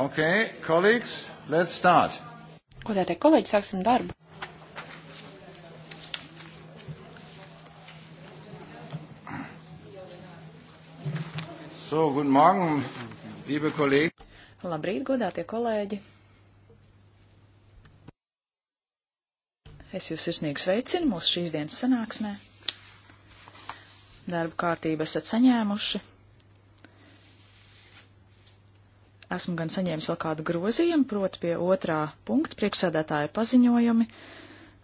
Okay, colleagues, let's start. Ko tā teikt, kolēģi, sāksim darbu. So, guten Morgen, liebe Kollegen. Labrīt, godātie kolēģi. Es jūs sirsnīgi sveicinu mūsu šīs dienas sanāksmē. Darba kārtību esat saņēmuši. Esmu gan saņēmis vēl kādu grozījumu, proti pie otrā punkta priekšsēdētāja paziņojumi.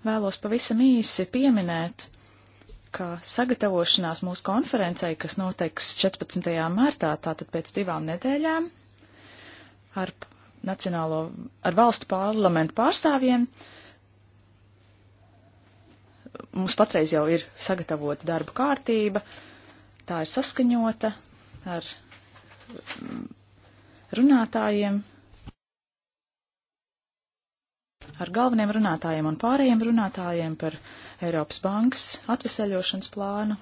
Vēlos pavisam īsi pieminēt, ka sagatavošanās mūsu konferencei, kas noteiks 14. martā, tātad pēc divām nedēļām, ar nacionālo, ar valstu parlamentu pārstāvjiem, mums patreiz jau ir sagatavota darba kārtība, tā ir saskaņota ar runātājiem, ar galveniem runātājiem un pārējiem runātājiem par Eiropas bankas atveseļošanas plānu.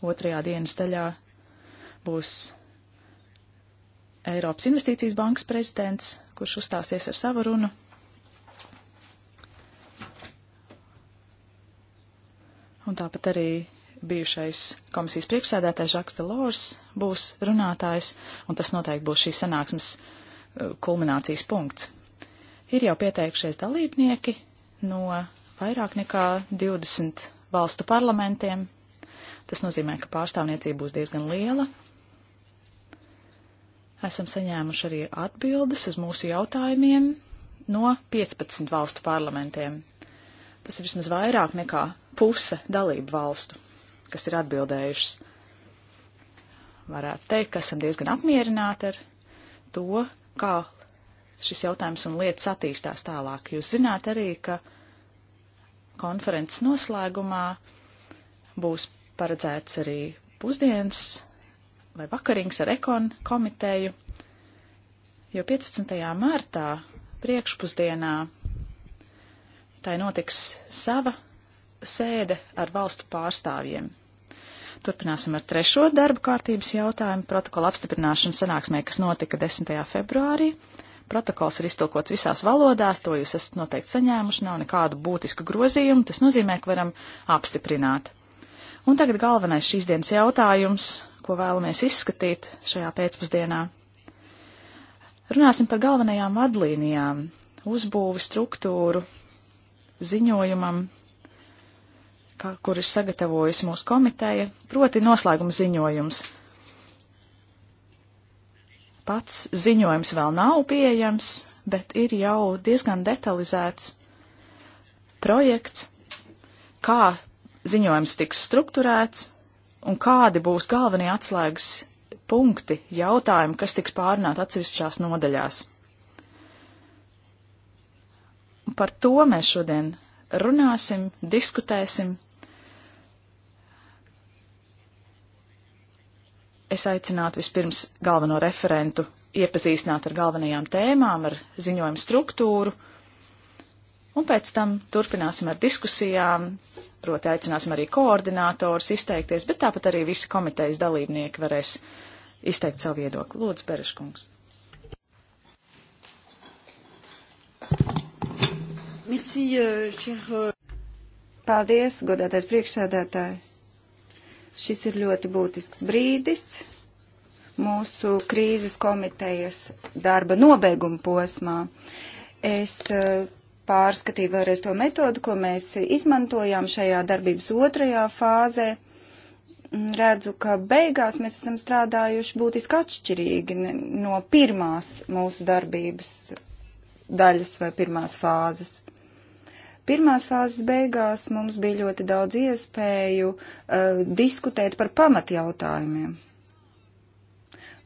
Otrajā dienas daļā būs Eiropas Investīcijas bankas prezidents, kurš uzstāsies ar savu runu. Un tāpat arī bijušais komisijas priekšsēdētājs Žaks Delors būs runātājs, un tas noteikti būs šīs sanāksmes uh, kulminācijas punkts. Ir jau pieteikušies dalībnieki no vairāk nekā 20 valstu parlamentiem. Tas nozīmē, ka pārstāvniecība būs diezgan liela. Esam saņēmuši arī atbildes uz mūsu jautājumiem no 15 valstu parlamentiem. Tas ir vismaz vairāk nekā puse dalību valstu kas ir atbildējušas. Varētu teikt, ka esam diezgan apmierināti ar to, kā šis jautājums un lietas attīstās tālāk. Jūs zināt arī, ka konferences noslēgumā būs paredzēts arī pusdienas vai vakariņas ar ekon komiteju, jo 15. martā priekšpusdienā tai notiks sava sēde ar valstu pārstāvjiem. Turpināsim ar trešo darba kārtības jautājumu - protokola apstiprināšanu sanāksmē, kas notika 10. februārī. Protokols ir iztulkots visās valodās, to jūs esat noteikti saņēmuši, nav nekādu būtisku grozījumu, tas nozīmē, ka varam apstiprināt. Un tagad galvenais šīs dienas jautājums, ko vēlamies izskatīt šajā pēcpusdienā. Runāsim par galvenajām vadlīnijām, uzbūvi struktūru, ziņojumam kuras sagatavojas mūsu komiteja, proti noslēguma ziņojums. Pats ziņojums vēl nav pieejams, bet ir jau diezgan detalizēts projekts, kā ziņojums tiks strukturēts un kādi būs galvenie atslēgas punkti, jautājumi, kas tiks pārunāti atsevišķās nodaļās. Par to mēs šodien runāsim, diskutēsim es aicinātu vispirms galveno referentu iepazīstināt ar galvenajām tēmām, ar ziņojumu struktūru, un pēc tam turpināsim ar diskusijām, proti aicināsim arī koordinātors izteikties, bet tāpat arī visi komitejas dalībnieki varēs izteikt savu viedokli. Lūdzu, Bereškungs. Merci, uh, Paldies, godātais priekšsēdētāji. Šis ir ļoti būtisks brīdis mūsu krīzes komitejas darba nobeiguma posmā. Es eh, pārskatīju vēlreiz to metodu, ko mēs izmantojām šajā darbības otrajā fāzē redzu, ka beigās mēs esam strādājuši būtiski atšķirīgi no pirmās mūsu darbības daļas vai pirmās fāzes. Pirmās fāzes beigās mums bija ļoti daudz iespēju uh, diskutēt par pamatjautājumiem.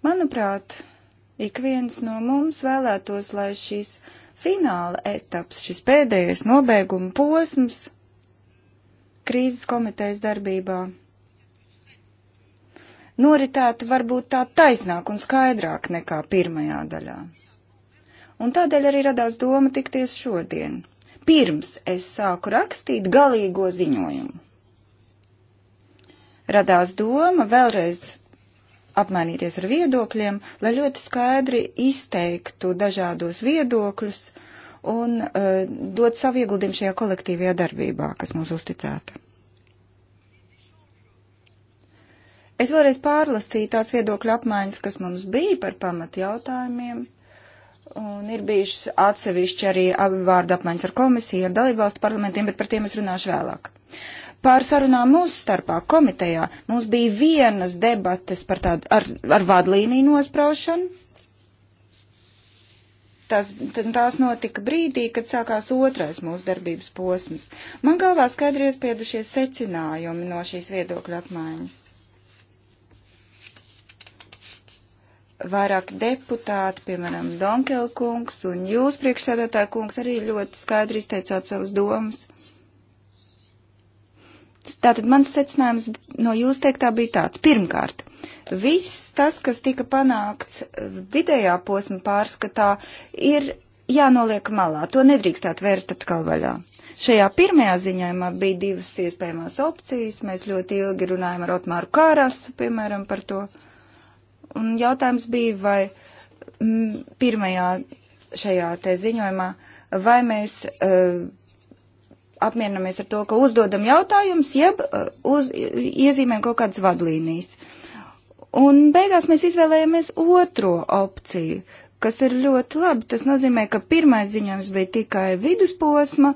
Manuprāt, ik viens no mums vēlētos, lai šīs fināla etaps, šis pēdējais nobeiguma posms krīzes komitejas darbībā noritētu varbūt tā taisnāk un skaidrāk nekā pirmajā daļā. Un tādēļ arī radās doma tikties šodien – pirms es sāku rakstīt galīgo ziņojumu. Radās doma vēlreiz apmainīties ar viedokļiem, lai ļoti skaidri izteiktu dažādos viedokļus un uh, dot savu ieguldījumu šajā kolektīvajā darbībā, kas mums uzticēta. Es vēlreiz pārlasīju tās viedokļu apmaiņas, kas mums bija par pamat jautājumiem, uh, un ir bijušas atsevišķi arī vārdu apmaiņas ar komisiju, ar dalībvalstu parlamentiem, bet par tiem es runāšu vēlāk. Pār sarunām mūsu starpā komitejā mums bija vienas debates par tādu ar, ar vadlīniju nospraušanu. Tas, tās notika brīdī, kad sākās otrais mūsu darbības posms. Man galvā skaidri iespiedušies secinājumi no šīs viedokļa apmaiņas vairāki deputāti, piemēram, Donkel kungs un jūs priekšsēdētāja kungs arī ļoti skaidri izteicāt savas domas. Tātad mans secinājums no jūs teiktā bija tāds. Pirmkārt, viss tas, kas tika panākts vidējā posma pārskatā, ir jānoliek malā. To nedrīkstētu vērt atkal vaļā. Šajā pirmajā ziņojumā bija divas iespējamās opcijas. Mēs ļoti ilgi runājam ar Otmāru Kārasu, piemēram, par to. Uh, Un jautājums bija, vai mm, pirmajā šajā te ziņojumā, vai mēs uh, apmierinamies ar to, ka uzdodam jautājumus, jeb uh, uz, iezīmēm kaut kādas vadlīnijas. Un beigās mēs izvēlējāmies otro opciju, kas ir ļoti labi. Tas nozīmē, ka pirmais ziņojums bija tikai vidusposma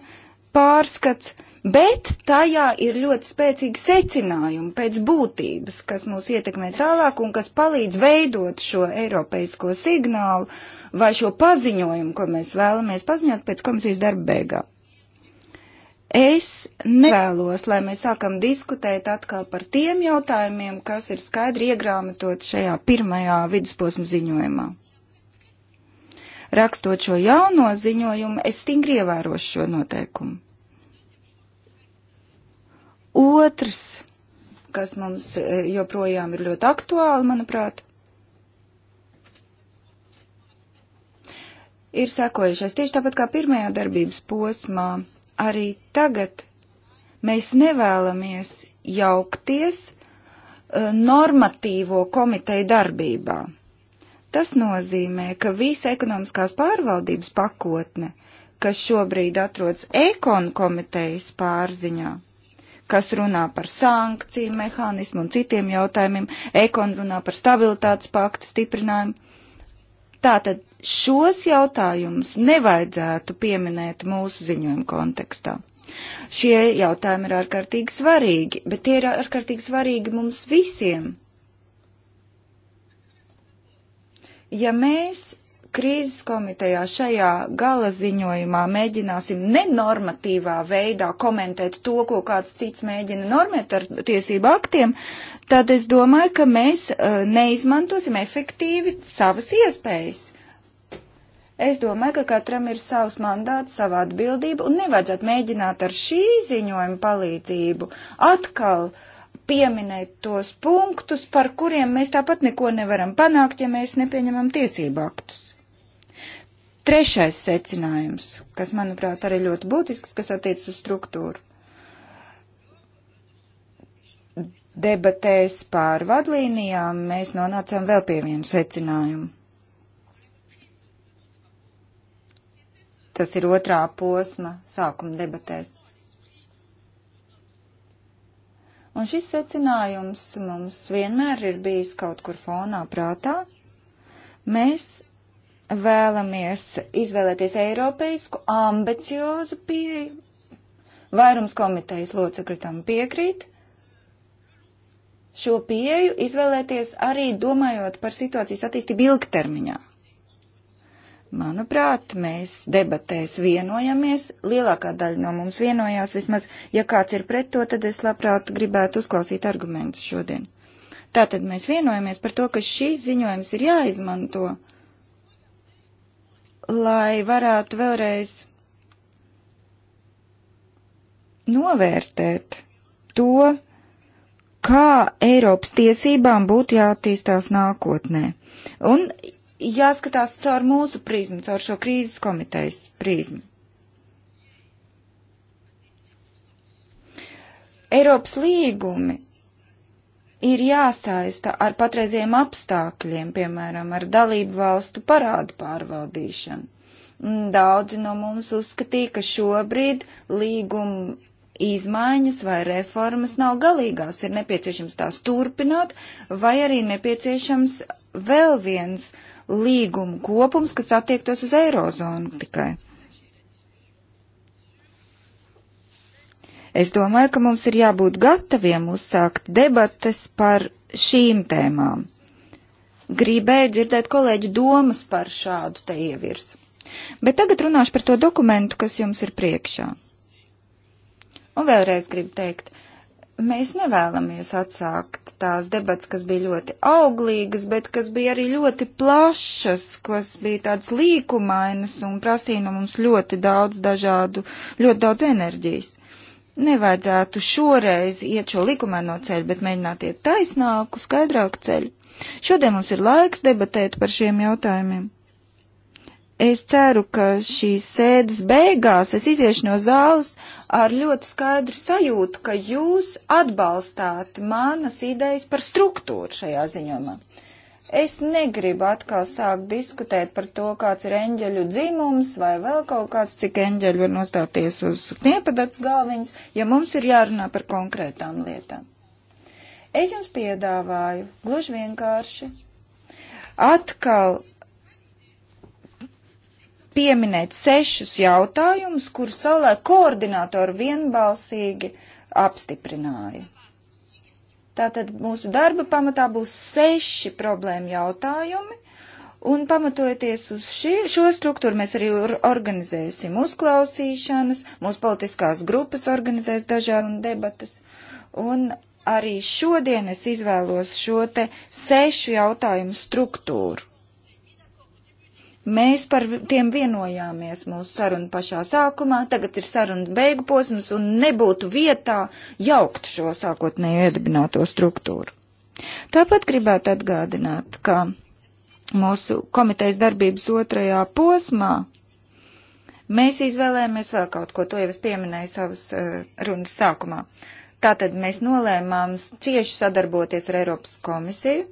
pārskats, uh, bet tajā ir ļoti spēcīgi secinājumi pēc būtības, kas mūs ietekmē tālāk un kas palīdz veidot šo eiropeisko signālu vai šo paziņojumu, ko mēs vēlamies paziņot pēc komisijas darba beigām. Es nevēlos, lai mēs sākam diskutēt atkal par tiem jautājumiem, kas ir skaidri iegrāmatot šajā pirmajā vidusposma ziņojumā. Rakstot šo jauno ziņojumu, es stingri ievērošu šo noteikumu. Otrs, kas mums e, joprojām ir ļoti aktuāli, manuprāt, ir sekojušais. Tieši tāpat kā pirmajā darbības posmā, arī tagad mēs nevēlamies jaukties e, normatīvo komiteju darbībā. Tas nozīmē, ka visa ekonomiskās pārvaldības pakotne, kas šobrīd atrodas ekonu komitejas pārziņā, kas runā par sankciju mehānismu un citiem jautājumiem, ekon runā par stabilitātes pakta stiprinājumu. Tātad šos jautājumus nevajadzētu pieminēt mūsu ziņojumu kontekstā. Šie jautājumi ir ārkārtīgi svarīgi, bet tie ir ārkārtīgi svarīgi mums visiem. Ja mēs krīzes komitejā šajā gala ziņojumā mēģināsim nenormatīvā veidā komentēt to, ko kāds cits mēģina normēt ar tiesību aktiem, tad es domāju, ka mēs uh, neizmantosim efektīvi savas iespējas. Es domāju, ka katram ir savs mandāts, sava atbildība, un nevajadzētu mēģināt ar šī ziņojuma palīdzību atkal pieminēt tos punktus, par kuriem mēs tāpat neko nevaram panākt, ja mēs nepieņemam tiesību aktus. Trešais secinājums, kas, manuprāt, arī ļoti būtisks, kas attiec uz struktūru. Debatēs pār vadlīnijām mēs nonācām vēl pie viena secinājuma. Tas ir otrā posma sākuma debatēs. Un šis secinājums mums vienmēr ir bijis kaut kur fonā prātā. Mēs vēlamies izvēlēties eiropeisku ambiciozu pieeju. Vairums komitejas locekļu tam piekrīt. Šo pieeju izvēlēties arī domājot par situācijas attīstību ilgtermiņā. Manuprāt, mēs debatēs vienojamies, lielākā daļa no mums vienojās vismaz, ja kāds ir pret to, tad es labprāt gribētu uzklausīt argumentus šodien. Tātad mēs vienojamies par to, ka šīs ziņojums ir jāizmanto uh, lai varētu vēlreiz novērtēt to, kā Eiropas tiesībām būtu jāattīstās nākotnē. Un jāskatās caur mūsu prizmu, caur šo krīzes komitejas prizmu. Eiropas līgumi ir jāsaista ar patreiziem apstākļiem, piemēram, ar dalību valstu parādu pārvaldīšanu. Mm, daudzi no mums uzskatīja, ka šobrīd līguma izmaiņas vai reformas nav galīgās, ir nepieciešams tās turpināt, vai arī nepieciešams vēl viens līguma kopums, kas attiektos uz eirozonu tikai. Es domāju, ka mums ir jābūt gataviem uzsākt debates par šīm tēmām. Gribēju dzirdēt kolēģu domas par šādu te ievirsu. Bet tagad runāšu par to dokumentu, kas jums ir priekšā. Un vēlreiz gribu teikt, mēs nevēlamies atsākt tās debats, kas bija ļoti auglīgas, bet kas bija arī ļoti plašas, kas bija tāds līkumainas un prasīja no mums ļoti daudz dažādu, ļoti daudz enerģijas nevajadzētu šoreiz iet šo likumēno ceļu, bet mēģināt iet taisnāku, skaidrāku ceļu. Šodien mums ir laiks debatēt par šiem jautājumiem. Es ceru, ka šīs sēdes beigās es iziešu no zāles ar ļoti skaidru sajūtu, ka jūs atbalstāt manas idejas par struktūru šajā ziņomā. Uh, Es negribu atkal sākt diskutēt par to, kāds ir eņģeļu dzimums vai vēl kaut kāds, cik eņģeļu var nostāties uz kniepadatas galviņas, ja mums ir jārunā par konkrētām lietām. Es jums piedāvāju, gluži vienkārši, atkal pieminēt sešus jautājumus, kurus saulē koordinātori vienbalsīgi apstiprināja. Tātad mūsu darba pamatā būs seši problēma jautājumi, un pamatojoties uz šī, šo struktūru mēs arī organizēsim uzklausīšanas, mūsu politiskās grupas organizēs dažādas debatas, un arī šodien es izvēlos šo te sešu jautājumu struktūru. Mēs par tiem vienojāmies mūsu sarunu pašā sākumā, tagad ir saruna beigu posms un nebūtu vietā jaukt šo sākotnēju iedibināto struktūru. Tāpat gribētu atgādināt, ka mūsu komitejas darbības otrajā posmā mēs izvēlējāmies vēl kaut ko, to jau es pieminēju savas uh, runas sākumā. Tātad mēs nolēmām cieši sadarboties ar Eiropas komisiju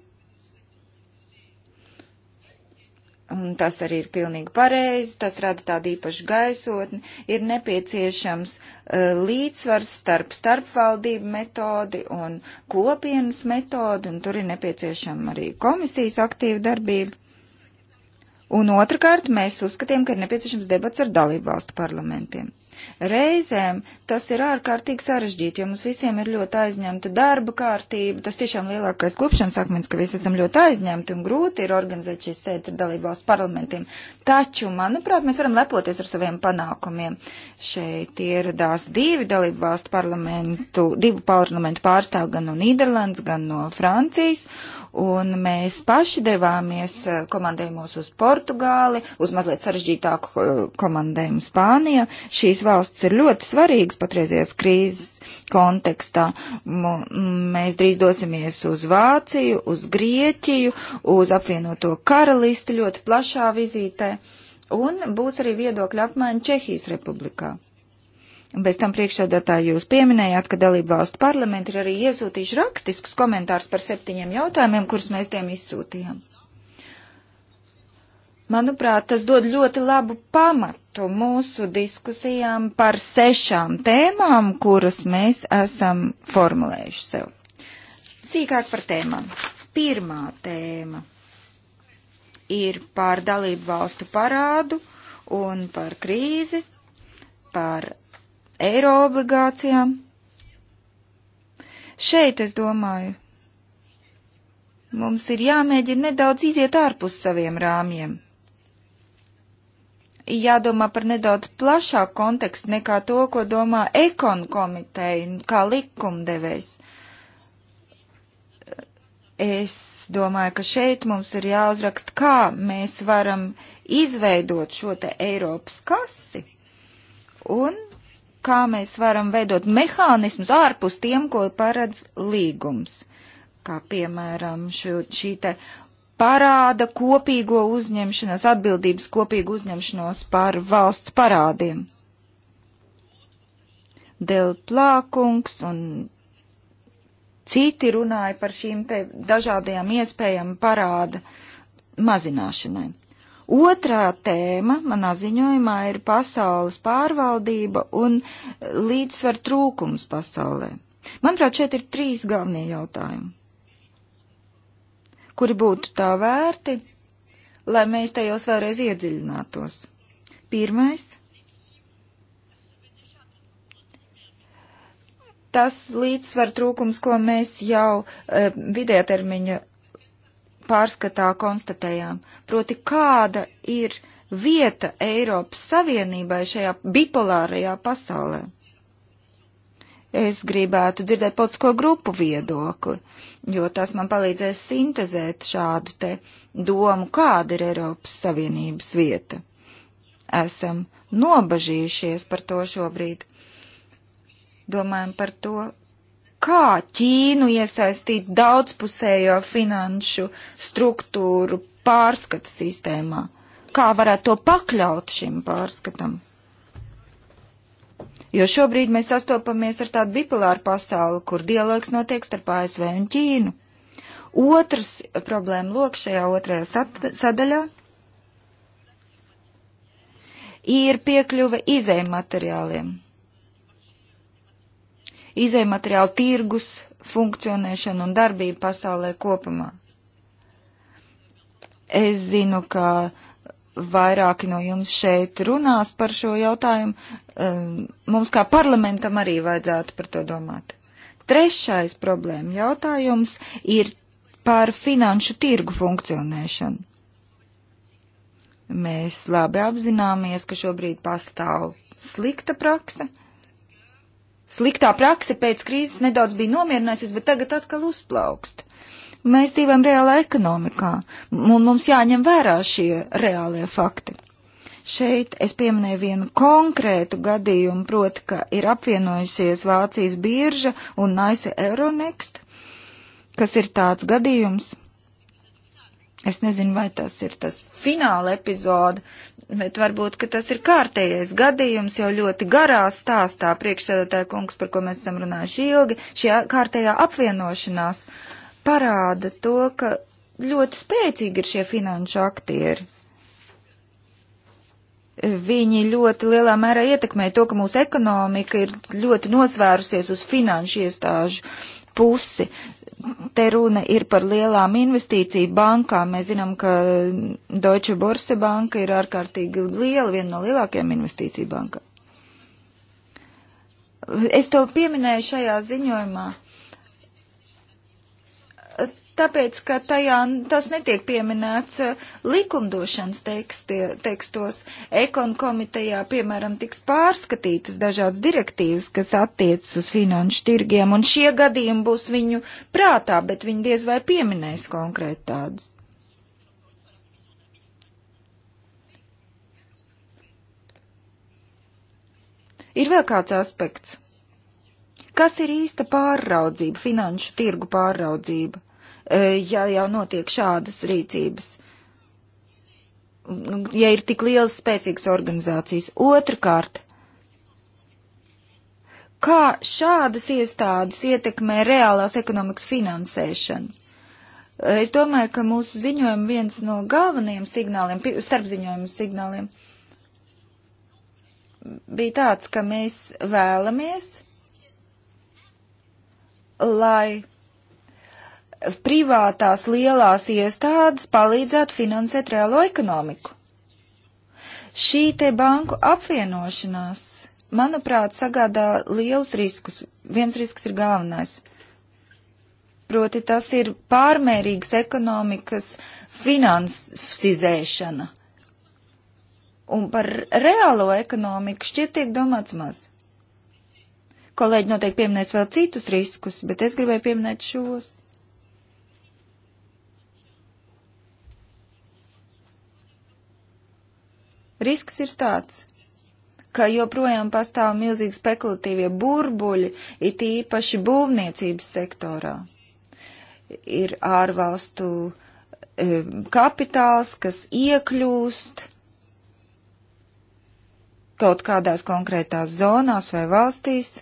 un tas arī ir pilnīgi pareizi, tas rada tādu īpašu gaisotni, ir nepieciešams uh, līdzsvars starp starpvaldību metodi un kopienas metodi, un tur ir nepieciešama arī komisijas aktīva darbība. Un otrkārt, mēs uzskatījām, ka ir nepieciešams debats ar dalību valstu parlamentiem. Reizēm tas ir ārkārtīgi sarežģīti, jo mums visiem ir ļoti aizņemta darba kārtība. Tas tiešām lielākais klupšanas akmens, ka visi esam ļoti aizņemti un grūti ir organizēt šīs sēdes ar dalībvalstu parlamentiem. Taču, manuprāt, mēs varam lepoties ar saviem panākumiem. Šeit ieradās divi dalībvalstu parlamentu, divu parlamentu pārstāv gan no Nīderlandes, gan no Francijas. Uh, un mēs paši devāmies eh, komandējumos uz Portugāli, uz mazliet sarežģītāku eh, komandējumu Spāniju. Šīs valsts ir ļoti svarīgas patreizies krīzes kontekstā. M mēs drīz dosimies uz Vāciju, uz Grieķiju, uz apvienoto karalisti ļoti plašā vizītē, un būs arī viedokļa apmaiņa Čehijas republikā. Bez tam priekšsēdētāji jūs pieminējāt, ka dalību valstu parlamenti ir arī iesūtījuši rakstiskus komentārus par septiņiem jautājumiem, kurus mēs tiem izsūtījām. Manuprāt, tas dod ļoti labu pamatu mūsu diskusijām par sešām tēmām, kuras mēs esam formulējuši sev. Cīkāk par tēmām. Pirmā tēma ir par dalību valstu parādu un par krīzi, par eiro obligācijām. Šeit, es domāju, mums ir jāmēģina nedaudz iziet ārpus saviem rāmjiem. Jādomā par nedaudz plašāku kontekstu nekā to, ko domā ekonu komiteja, kā likumdevējs. Es domāju, ka šeit mums ir jāuzraksta, kā mēs varam izveidot šo te Eiropas kasi un kā mēs varam veidot mehānismus ārpus tiem, ko paredz līgums. Kā piemēram šo, šī te parāda kopīgo uzņemšanos, atbildības kopīgu uzņemšanos par valsts parādiem. Del Plākungs un citi runāja par šīm te dažādajām iespējām parāda mazināšanai. Otrā tēma manā ziņojumā ir pasaules pārvaldība un līdzsver trūkums pasaulē. Manuprāt, šeit ir trīs galvenie jautājumi, kuri būtu tā vērti, lai mēs tajos vēlreiz iedziļinātos. Pirmais. Tas līdzsver trūkums, ko mēs jau e, eh, vidētermiņa pārskatā konstatējām, proti kāda ir vieta Eiropas Savienībai šajā bipolārajā pasaulē. Es gribētu dzirdēt politisko grupu viedokli, jo tas man palīdzēs sintezēt šādu te domu, kāda ir Eiropas Savienības vieta. Esam nobažījušies par to šobrīd. Domājam par to, kā Ķīnu iesaistīt daudzpusējo finanšu struktūru pārskata sistēmā? Kā varētu to pakļaut šim pārskatam? Jo šobrīd mēs sastopamies ar tādu bipolāru pasauli, kur dialogs notiek starp ASV un Ķīnu. Otrs problēma lok šajā otrajā sadaļā ir piekļuve izējuma materiāliem izējumateriālu tirgus funkcionēšanu un darbību pasaulē kopumā. Es zinu, ka vairāki no jums šeit runās par šo jautājumu. Ehm, mums kā parlamentam arī vajadzētu par to domāt. Trešais problēma jautājums ir par finanšu tirgu funkcionēšanu. Mēs labi apzināmies, ka šobrīd pastāv slikta praksa, sliktā prakse pēc krīzes nedaudz bija nomierinājusies, bet tagad atkal uzplaukst. Mēs dzīvojam reālā ekonomikā, un mums jāņem vērā šie reālie fakti. Šeit es pieminēju vienu konkrētu gadījumu, proti, ka ir apvienojušies Vācijas birža un Naisa Euronext, kas ir tāds gadījums. Es nezinu, vai tas ir tas fināla epizode, bet varbūt, ka tas ir kārtējais gadījums jau ļoti garā stāstā priekšsēdētāja kungs, par ko mēs esam runājuši ilgi. Šī kārtējā apvienošanās parāda to, ka ļoti spēcīgi ir šie finanšu aktieri. Viņi ļoti lielā mērā ietekmē to, ka mūsu ekonomika ir ļoti nosvērusies uz finanšu iestāžu pusi te runa ir par lielām investīciju bankām. Mēs zinām, ka Deutsche Börse banka ir ārkārtīgi liela, viena no lielākajām investīciju bankām. Es to pieminēju šajā ziņojumā, tāpēc, ka tajā tas netiek pieminēts eh, likumdošanas teksti, tekstos. Ekon komitejā, piemēram, tiks pārskatītas dažādas direktīvas, kas attiecas uz finanšu tirgiem, un šie gadījumi būs viņu prātā, bet viņi diez vai pieminēs konkrēti tādus. Ir vēl kāds aspekts. Kas ir īsta pārraudzība, finanšu tirgu pārraudzība? E, ja jau notiek šādas rīcības ja ir tik liels spēcīgs organizācijas. Otrakārt, kā šādas iestādes ietekmē reālās ekonomikas finansēšanu? Es domāju, ka mūsu ziņojuma viens no galvenajiem signāliem, starpziņojuma signāliem, bija tāds, ka mēs vēlamies, lai privātās lielās iestādes palīdzētu finansēt reālo ekonomiku. Šī te banku apvienošanās, manuprāt, sagādā lielus riskus. Viens risks ir galvenais. Proti tas ir pārmērīgas ekonomikas finansizēšana. Un par reālo ekonomiku šķiet tiek domāts maz. Kolēģi noteikti pieminēs vēl citus riskus, bet es gribēju pieminēt šos. Risks ir tāds, ka joprojām pastāv milzīgi spekulatīvie burbuļi, it īpaši būvniecības sektorā. Ir ārvalstu e, kapitāls, kas iekļūst kaut kādās konkrētās zonās vai valstīs,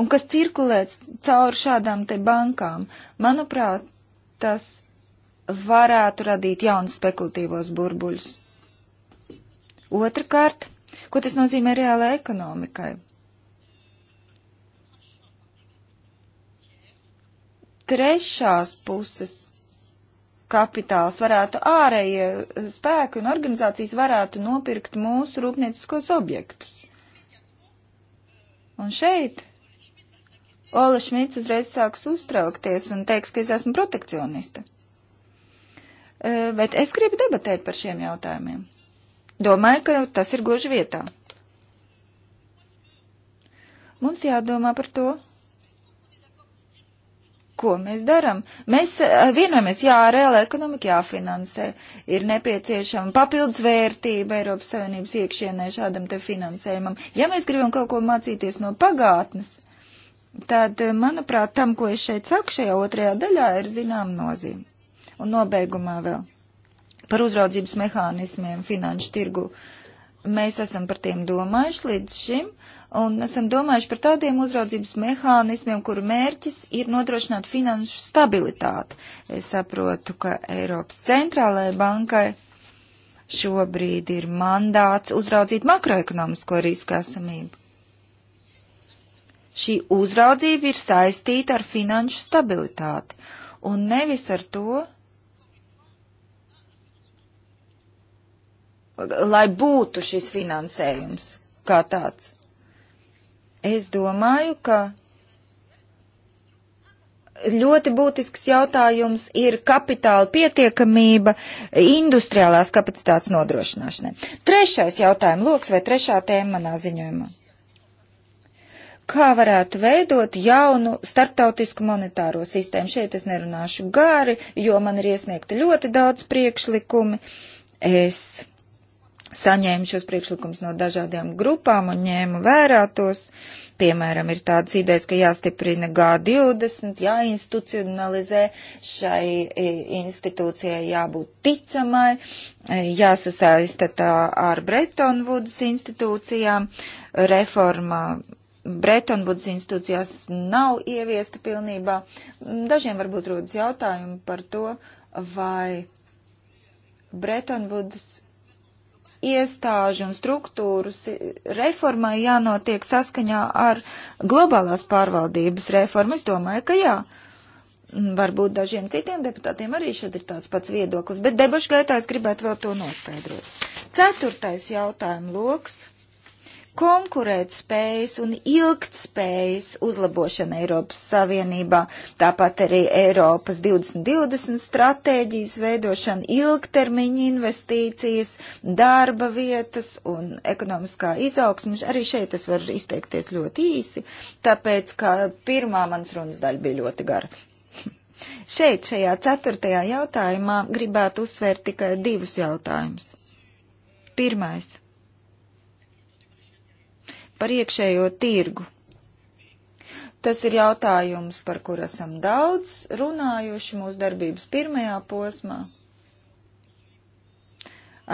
un kas cirkulē cauri šādām te bankām. Manuprāt, tas varētu radīt jaunus spekulatīvos burbuļus. Otrakārt, ko tas nozīmē reālajai ekonomikai? Trešās puses kapitāls varētu ārējie spēki un organizācijas varētu nopirkt mūsu rūpnieciskos objektus. Un šeit Ola Šmits uzreiz sāks uztraukties un teiks, ka es esmu protekcionista. Eh, bet es gribu debatēt par šiem jautājumiem. Domāju, ka tas ir gluži vietā. Mums jādomā par to, ko mēs darām. Mēs eh, vienojamies, jā, reāla ekonomika jāfinansē, ir nepieciešama papildus vērtība Eiropas Savienības iekšienē šādam te finansējumam. Ja mēs gribam kaut ko mācīties no pagātnes, tad, eh, manuprāt, tam, ko es šeit saku šajā otrajā daļā, ir zinām nozīme. Un nobeigumā vēl par uzraudzības mehānismiem finanšu tirgu. Mēs esam par tiem domājuši līdz šim un esam domājuši par tādiem uzraudzības mehānismiem, kuru mērķis ir nodrošināt finanšu stabilitāti. Es saprotu, ka Eiropas centrālajai bankai šobrīd ir mandāts uzraudzīt makroekonomisko risku esamību. Šī uzraudzība ir saistīta ar finanšu stabilitāti un nevis ar to, lai būtu šis finansējums kā tāds. Es domāju, ka ļoti būtisks jautājums ir kapitāla pietiekamība industriālās kapacitātes nodrošināšanai. Trešais jautājums loks vai trešā tēma manā ziņojumā. Kā varētu veidot jaunu starptautisku monetāro sistēmu? Šeit es nerunāšu gari, jo man ir iesniegta ļoti daudz priekšlikumi. Es saņēmu šos priekšlikumus no dažādām grupām un ņēmu vērā tos. Piemēram, ir tādas idejas, ka jāstiprina G20, jāinstitucionalizē, šai e, institūcijai jābūt ticamai, e, jāsasaista tā ar Bretton Woods institūcijām, reforma Bretton Woods institūcijās nav ieviesta pilnībā. Dažiem varbūt rodas jautājumi par to, vai Bretton Woods iestāžu un struktūras reformai jānotiek saskaņā ar globālās pārvaldības reformu? Es domāju, ka jā. Mm, varbūt dažiem citiem deputātiem arī šeit ir tāds pats viedoklis, bet debašu gaitā es gribētu vēl to noskaidrot. Ceturtais jautājuma loks konkurētspējas un ilgtspējas uzlabošana Eiropas Savienībā, tāpat arī Eiropas 2020 stratēģijas veidošana, ilgtermiņa investīcijas, darba vietas un ekonomiskā izaugsme. Arī šeit es varu izteikties ļoti īsi, tāpēc, ka pirmā mans runas daļa bija ļoti gara. Šeit, šajā ceturtajā jautājumā, gribētu uzsvērt tikai divus jautājumus. Pirmais par iekšējo tirgu. Tas ir jautājums, par kur esam daudz runājuši mūsu darbības pirmajā posmā.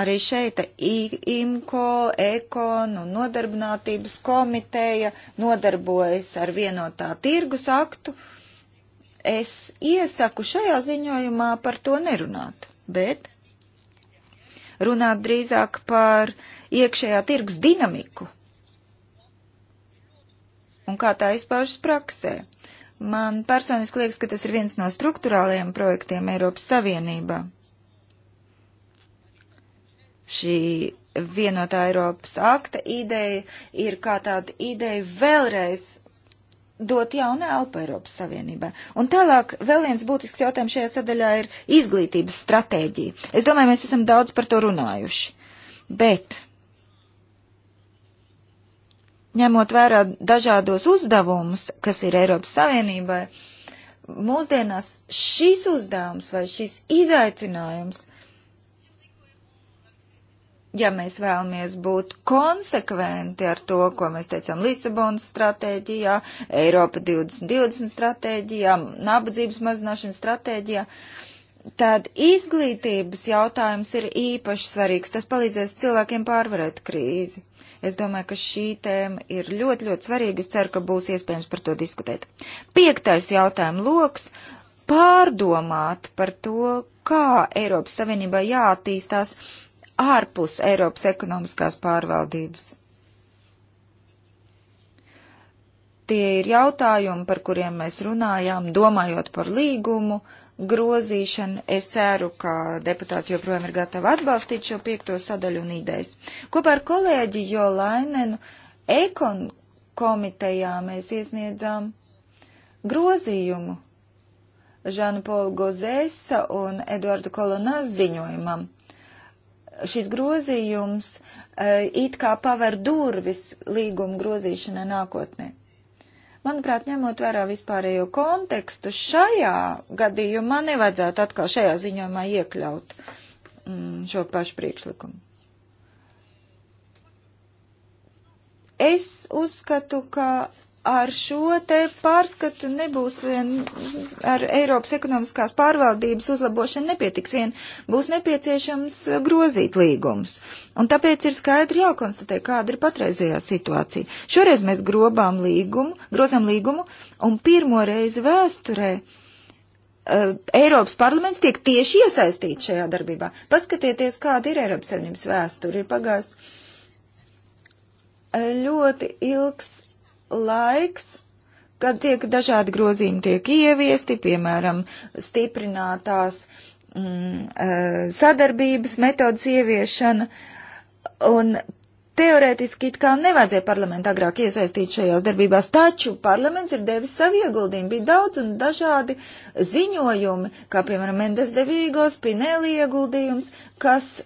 Arī šeit IMCO, EKON un nodarbinātības komiteja nodarbojas ar vienotā tirgus aktu. Es iesaku šajā ziņojumā par to nerunāt, bet runāt drīzāk par iekšējā tirgus dinamiku un kā tā izpaužas praksē. Man personiski liekas, ka tas ir viens no struktūrālajiem projektiem Eiropas Savienībā. Šī vienotā Eiropas akta ideja ir kā tāda ideja vēlreiz dot jaunu elpu Eiropas Savienībai. Un tālāk vēl viens būtisks jautājums šajā sadaļā ir izglītības stratēģija. Es domāju, mēs esam daudz par to runājuši. Bet ņemot vērā dažādos uzdevumus, kas ir Eiropas Savienībai, mūsdienās šis uzdevums vai šis izaicinājums, ja mēs vēlamies būt konsekventi ar to, ko mēs teicām Lisabonas stratēģijā, Eiropa 2020 stratēģijā, nabadzības mazināšanas stratēģijā, tad izglītības jautājums ir īpaši svarīgs. Tas palīdzēs cilvēkiem pārvarēt krīzi. Es domāju, ka šī tēma ir ļoti, ļoti svarīga. Es ceru, ka būs iespējams par to diskutēt. Piektais jautājuma loks - pārdomāt par to, kā Eiropas Savienībā jāattīstās ārpus Eiropas ekonomiskās pārvaldības. Tie ir jautājumi, par kuriem mēs runājām, domājot par līgumu, uh, grozīšanu. Es ceru, ka deputāti joprojām ir gatavi atbalstīt šo piekto sadaļu un idejas. Kopā ar kolēģi Jolainenu Ekon komitejā mēs iesniedzām grozījumu Žānu Polu Gozēsa un Eduardu Kolonās ziņojumam. Šis grozījums eh, it kā paver durvis līguma grozīšanai nākotnē. Manuprāt, ņemot vērā vispārējo kontekstu, šajā gadījumā nevajadzētu atkal šajā ziņojumā iekļaut mm, šo pašu priekšlikumu. Es uzskatu, ka ar šo te pārskatu nebūs vien, ar Eiropas ekonomiskās pārvaldības uzlabošanu nepietiks vien, būs nepieciešams grozīt līgumus. Un tāpēc ir skaidri jākonstatē, kāda ir patreizējā situācija. Šoreiz mēs grobām līgumu, grozam līgumu, un pirmo reizi vēsturē eh, Eiropas parlaments tiek tieši iesaistīts šajā darbībā. Paskatieties, kāda ir Eiropas Savienības vēsture. Ir pagājis eh, ļoti ilgs laiks, kad tiek dažādi grozījumi tiek ieviesti, piemēram, stiprinātās mm, eh, sadarbības metodas ieviešana. Un teorētiski it kā nevajadzēja parlamentu agrāk iesaistīt šajās darbībās, taču parlaments ir devis savu ieguldījumu. Bija daudz un dažādi ziņojumi, kā piemēram Mendes Devīgo, Spinelli ieguldījums, kas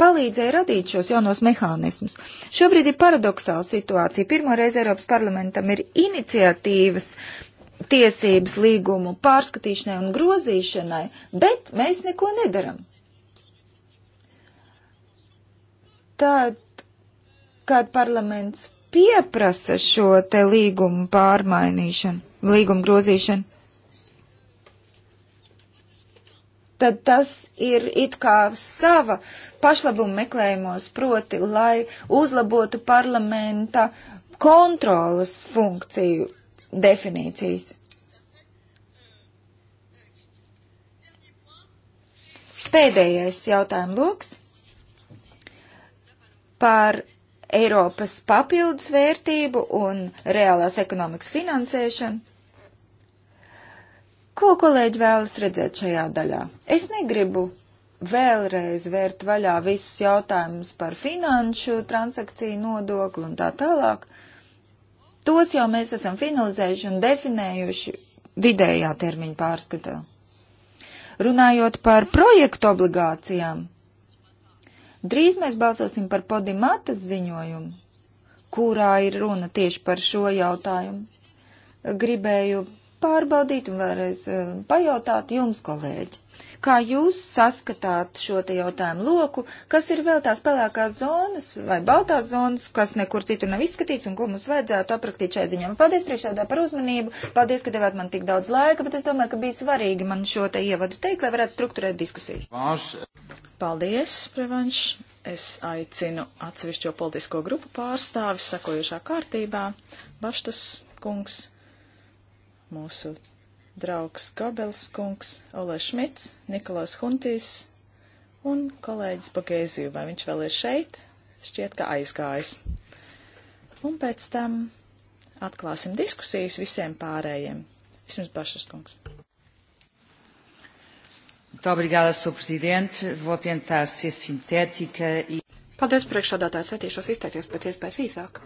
palīdzēja radīt šos jaunos mehānismus. Šobrīd ir paradoxāla situācija. Pirmoreiz Eiropas parlamentam ir iniciatīvas tiesības līgumu pārskatīšanai un grozīšanai, bet mēs neko nedaram. Tad, kad parlaments pieprasa šo te līgumu pārmainīšanu, līgumu grozīšanu, tad tas ir it kā sava pašlabuma meklējumos, proti, lai uzlabotu parlamenta kontrolas funkciju definīcijas. Pēdējais jautājums loks par Eiropas papildus vērtību un reālās ekonomikas finansēšanu. Ko kolēģi vēlas redzēt šajā daļā? Es negribu vēlreiz vērt vaļā visus jautājumus par finanšu transakciju nodokli un tā tālāk. Tos jau mēs esam finalizējuši un definējuši vidējā termiņa pārskatā. Runājot par projektu obligācijām, drīz mēs balsosim par Podimatas ziņojumu, kurā ir runa tieši par šo jautājumu. Gribēju pārbaudīt un vēlreiz eh, pajautāt jums, kolēģi. Kā jūs saskatāt šo te jautājumu loku, kas ir vēl tās pelēkās zonas vai baltās zonas, kas nekur citur nav izskatīts un ko mums vajadzētu aprakstīt šai ziņā? Paldies priekšādā par uzmanību, paldies, ka devāt man tik daudz laika, bet es domāju, ka bija svarīgi man šo te ievadu teikt, lai varētu strukturēt diskusijas. Paldies, Prevanš. Es aicinu atsevišķo politisko grupu pārstāvis sakojušā kārtībā. Baštas kungs, mūsu draugs Gabels kungs, Ole Šmits, Nikolās Huntīs un kolēģis Bagēziju. Vai viņš vēl ir šeit? Šķiet, ka aizgājis. Un pēc tam atklāsim diskusijas visiem pārējiem. Vismaz Bašas kungs. Obrigada, Sr. Presidente. Vou tentar ser sintética e. Paldies, priekšādātājs, centīšos izteikties pēc iespējas īsāk.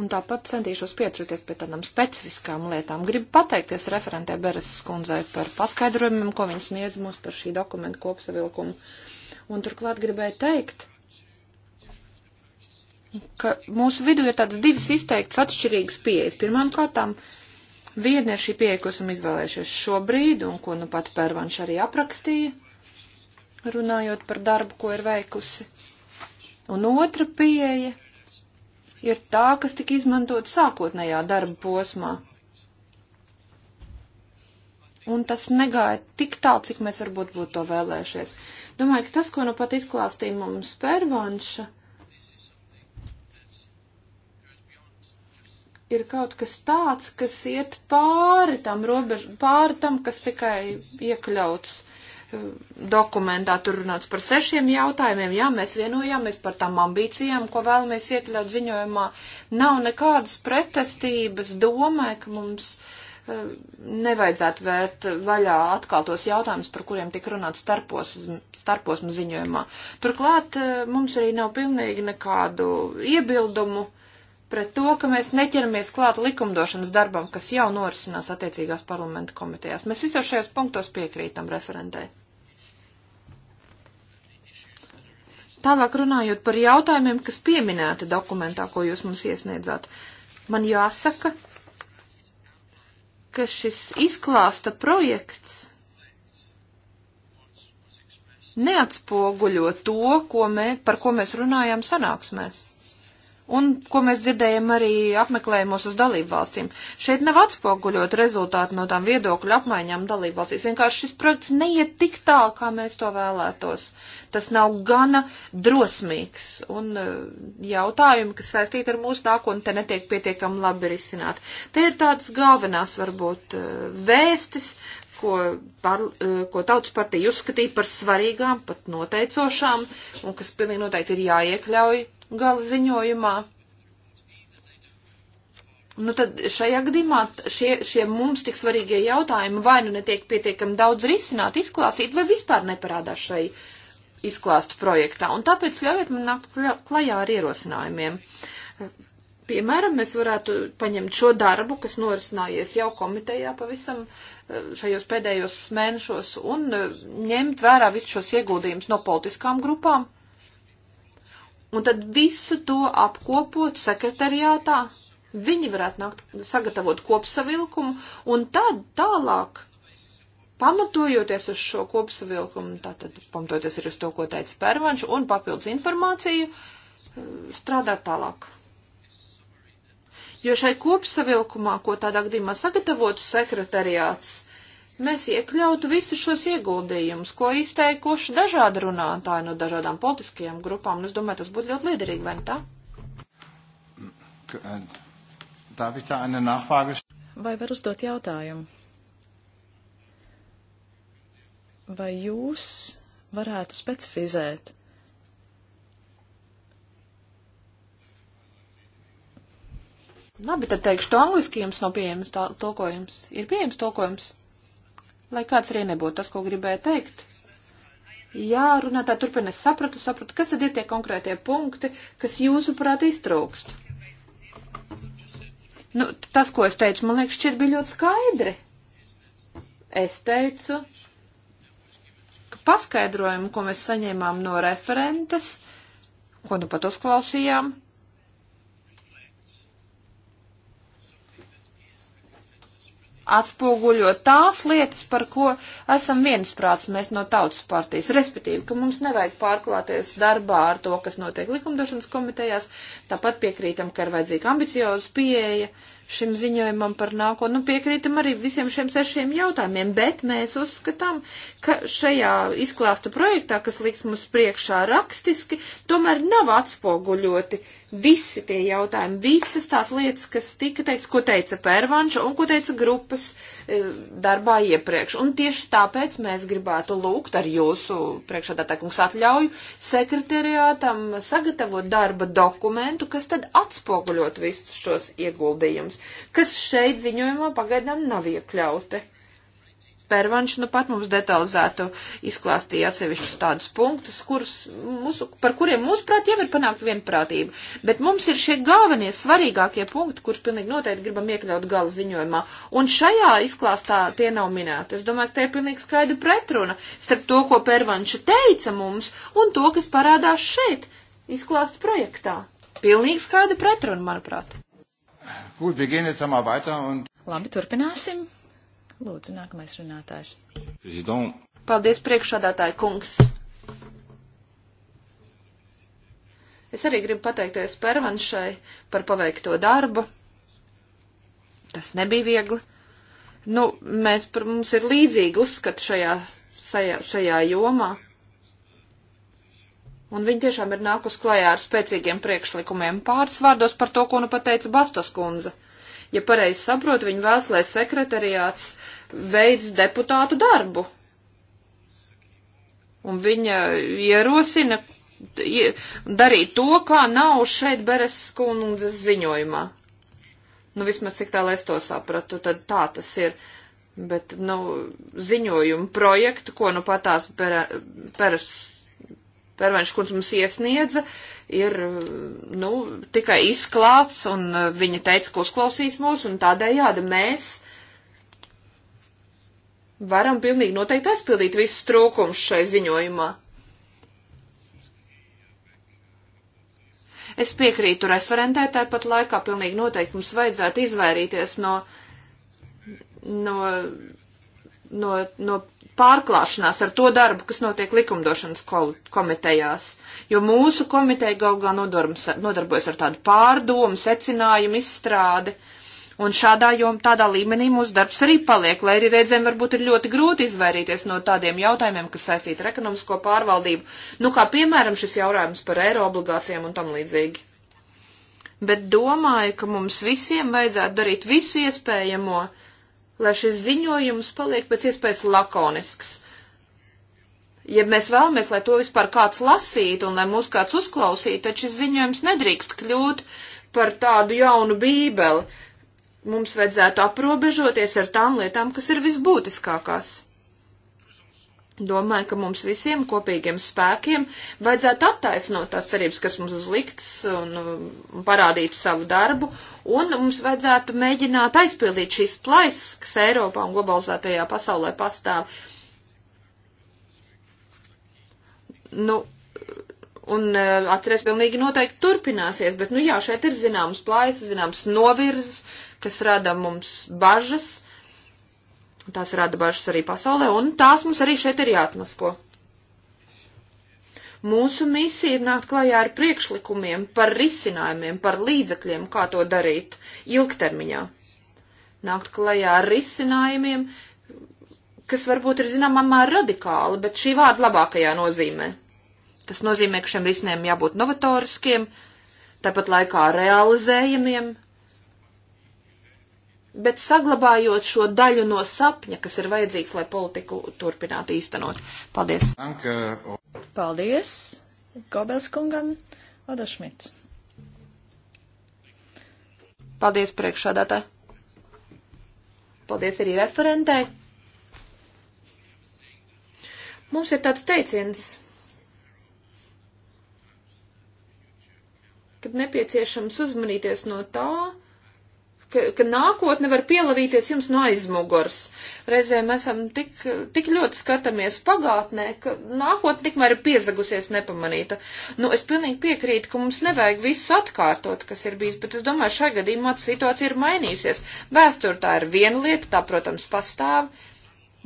un tāpat centīšos pieturēties pie tādām specifiskām lietām. Gribu pateikties referentē Bereses kundzei par paskaidrojumiem, ko viņas sniedz mums par šī dokumenta kopsavilkumu. Un turklāt gribēju teikt, ka mūsu vidū ir tādas divas izteikts atšķirīgas pieejas. Pirmām kārtām, viena ir šī pieeja, ko esam izvēlējušies šobrīd un ko nu pat Pērvanš arī aprakstīja, runājot par darbu, ko ir veikusi. Un otra pieeja ir tā, kas tika izmantot sākotnējā darba posmā. Un tas negāja tik tālu, cik mēs varbūt būtu to vēlējušies. Domāju, ka tas, ko nu pat izklāstīja mums pervanša, ir kaut kas tāds, kas iet pāri tam robežu, pāri tam, kas tikai iekļauts dokumentā tur runāts par sešiem jautājumiem. Jā, mēs vienojāmies par tām ambīcijām, ko vēlamies iekļaut ziņojumā. Nav nekādas pretestības domai, ka mums e, nevajadzētu vērt vaļā atkal tos jautājumus, par kuriem tika runāts starpos, starposmu ziņojumā. Turklāt e, mums arī nav pilnīgi nekādu iebildumu pret to, ka mēs neķeramies klāt likumdošanas darbam, kas jau norisinās attiecīgās parlamenta komitejās. Mēs visos šajos punktos piekrītam referentē. Tālāk runājot par jautājumiem, kas pieminēti dokumentā, ko jūs mums iesniedzāt, man jāsaka, ka šis izklāsta projekts neatspoguļo to, ko mē, par ko mēs runājām sanāksmēs un ko mēs dzirdējam arī apmeklējumos uz dalību valstīm. Šeit nav atspoguļot rezultāti no tām viedokļu apmaiņām dalību valstīs. Vienkārši šis projekts neiet tik tālu, kā mēs to vēlētos. Tas nav gana drosmīgs, un eh, jautājumi, kas saistīti ar mūsu nākotni, te netiek pietiekami labi risināti. Te ir tādas galvenās, varbūt, eh, vēstis, ko, par, eh, ko tautas partija uzskatīja par svarīgām, pat noteicošām, un kas pilnīgi noteikti ir jāiekļauj gala ziņojumā. Nu tad šajā gadījumā šie, šie mums tik svarīgie jautājumi vai nu netiek pietiekami daudz risināt, izklāstīt, vai vispār neparādās šai izklāstu projektā. Un tāpēc ļaujiet man nākt klajā ar ierosinājumiem. Piemēram, mēs varētu paņemt šo darbu, kas norisinājies jau komitejā pavisam eh, šajos pēdējos mēnešos, un eh, ņemt vērā visus šos ieguldījumus no politiskām grupām Un tad visu to apkopot sekretariātā, viņi varētu nākt sagatavot kopsavilkumu, un tad tālāk, pamatojoties uz šo kopsavilkumu, tātad pamatojoties arī uz to, ko teica Pērvanš, un papildus informāciju, eh, strādāt tālāk. Jo šai kopsavilkumā, ko tādā gadījumā sagatavotu sekretariāts, mēs iekļautu visus šos ieguldījumus, ko izteikuši dažādi runātāji no dažādām politiskajām grupām, un es domāju, tas būtu ļoti liederīgi, vai ne tā? Eh, vai var uzdot jautājumu? Vai jūs varētu specifizēt? Labi, tad teikšu to angliski, jums nav pieejams tā, tulkojums. Ir pieejams tulkojums? lai kāds arī nebūtu tas, ko gribēju teikt. Jā, runātā turpina, es sapratu, sapratu, kas tad ir tie konkrētie punkti, kas jūsuprāt iztrūkst. Nu, tas, ko es teicu, man liekas, šķiet bija ļoti skaidri. Es teicu, ka paskaidrojumu, ko mēs saņēmām no referentes, ko nu pat uzklausījām, atspoguļot tās lietas, par ko esam viensprāts mēs no tautas partijas, respektīvi, ka mums nevajag pārklāties darbā ar to, kas notiek likumdošanas komitejās, tāpat piekrītam, ka ir vajadzīga ambicioza pieeja šim ziņojumam par nākotni, nu piekrītam arī visiem šiem sešiem jautājumiem, bet mēs uzskatām, ka šajā izklāsta projektā, kas liks mums priekšā rakstiski, tomēr nav atspoguļoti uh, Visi tie jautājumi, visas tās lietas, kas tika teikts, ko teica Pērvanša un ko teica grupas e, darbā iepriekš. Un tieši tāpēc mēs gribētu lūgt ar jūsu priekšādātākums atļauju sekretariātam sagatavot darba dokumentu, kas tad atspoguļot visus šos ieguldījumus, kas šeit ziņojumā pagaidām nav iekļauti. Pērvanš nu pat mums detalizētu izklāstīja atsevišķus tādus punktus, kurus, mūsu, par kuriem mūsuprāt jau ir panākt vienprātība. Bet mums ir šie galvenie, svarīgākie punkti, kurus pilnīgi noteikti gribam iekļaut gala ziņojumā. Un šajā izklāstā tie nav minēti. Es domāju, ka te ir pilnīgi skaidra pretruna starp to, ko Pērvanš teica mums, un to, kas parādās šeit, izklāsta projektā. Pilnīgi skaidra pretruna, manuprāt. Gut, wir gehen jetzt einmal weiter und. Labi, turpināsim. Lūdzu, nākamais runātājs. Zidon. Paldies, priekšādātāji kungs. Es arī gribu pateikties Pervanšai par paveikto darbu. Tas nebija viegli. Nu, mēs, par, mums ir līdzīgi uzskati šajā, šajā, šajā jomā. Un viņi tiešām ir nākus klajā ar spēcīgiem priekšlikumiem pāris vārdos par to, ko nu pateica Bastos kundze. Uh, Ja pareizi saprotu, viņi vēlas, lai sekretariāts veids deputātu darbu. Un viņa ierosina darīt to, kā nav šeit Beres skundzes ziņojumā. Nu, vismaz cik tālu es to sapratu, tad tā tas ir. Bet, nu, ziņojumu projektu, ko nu patās Peres Pervenškunds mums iesniedza, ir, nu, tikai izklāts, un uh, viņa teica, ka uzklausīs mūs, un tādējādi mēs varam pilnīgi noteikti aizpildīt visus trūkumus šai ziņojumā. Es piekrītu referentē, tāpat laikā pilnīgi noteikti mums vajadzētu izvairīties no, no, no, no pārklāšanās ar to darbu, kas notiek likumdošanas komitejās, jo mūsu komiteja galu galā nodarbojas ar tādu pārdomu, secinājumu izstrādi. Un šādā jomā, tādā līmenī mūsu darbs arī paliek, lai arī reizēm varbūt ir ļoti grūti izvairīties no tādiem jautājumiem, kas saistīti ar ekonomisko pārvaldību, nu kā piemēram šis jautājums par eiro obligācijām un tam līdzīgi. Bet domāju, ka mums visiem vajadzētu darīt visu iespējamo, lai šis ziņojums paliek pēc iespējas lakonisks. Ja mēs vēlamies, lai to vispār kāds lasītu un lai mūs kāds uzklausītu, tad šis ziņojums nedrīkst kļūt par tādu jaunu bībeli. Mums vajadzētu aprobežoties ar tām lietām, kas ir visbūtiskākās. Domāju, ka mums visiem kopīgiem spēkiem vajadzētu attaisnot tās cerības, kas mums uzlikts un, un parādīt savu darbu, un mums vajadzētu mēģināt aizpildīt šīs plaisas, kas Eiropā un globalizētajā pasaulē pastāv. Nu, un eh, atcerēs pilnīgi noteikti turpināsies, bet, nu jā, šeit ir zināms plaisas, zināms novirzes, kas rada mums bažas Tās rada bažas arī pasaulē, un tās mums arī šeit ir jāatmasko. Mūsu misija ir nākt klajā ar priekšlikumiem, par risinājumiem, par līdzekļiem, kā to darīt ilgtermiņā. Nākt klajā ar risinājumiem, kas varbūt ir zināmā mērā radikāli, bet šī vārda labākajā nozīmē. Tas nozīmē, ka šiem risinājumiem jābūt novatoriskiem, tāpat laikā realizējamiem, bet saglabājot šo daļu no sapņa, kas ir vajadzīgs, lai politiku turpinātu īstenot. Paldies! Paldies! Gobels kungam, Oda Šmits. Paldies priekšādātā. Paldies arī referentē. Mums ir tāds teiciens, kad nepieciešams uzmanīties no tā, ka, ka nākotne var pielavīties jums no aizmugurs. Reizēm esam tik, tik ļoti skatāmies pagātnē, ka nākotne tikmēr ir piezagusies nepamanīta. Nu, es pilnīgi piekrītu, ka mums nevajag visu atkārtot, kas ir bijis, bet es domāju, šajā gadījumā situācija ir mainījusies. Vēstur tā ir viena lieta, tā, protams, pastāv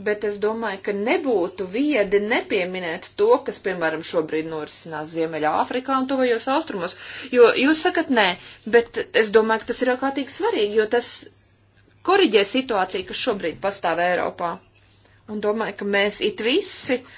bet es domāju, ka nebūtu viedi nepieminēt to, kas, piemēram, šobrīd norisinās Ziemeļā Āfrikā un tuvajos austrumos. Jo jūs sakat nē, bet es domāju, ka tas ir ārkārtīgi svarīgi, jo tas koriģē situāciju, kas šobrīd pastāv Eiropā. Un domāju, ka mēs it visi uh,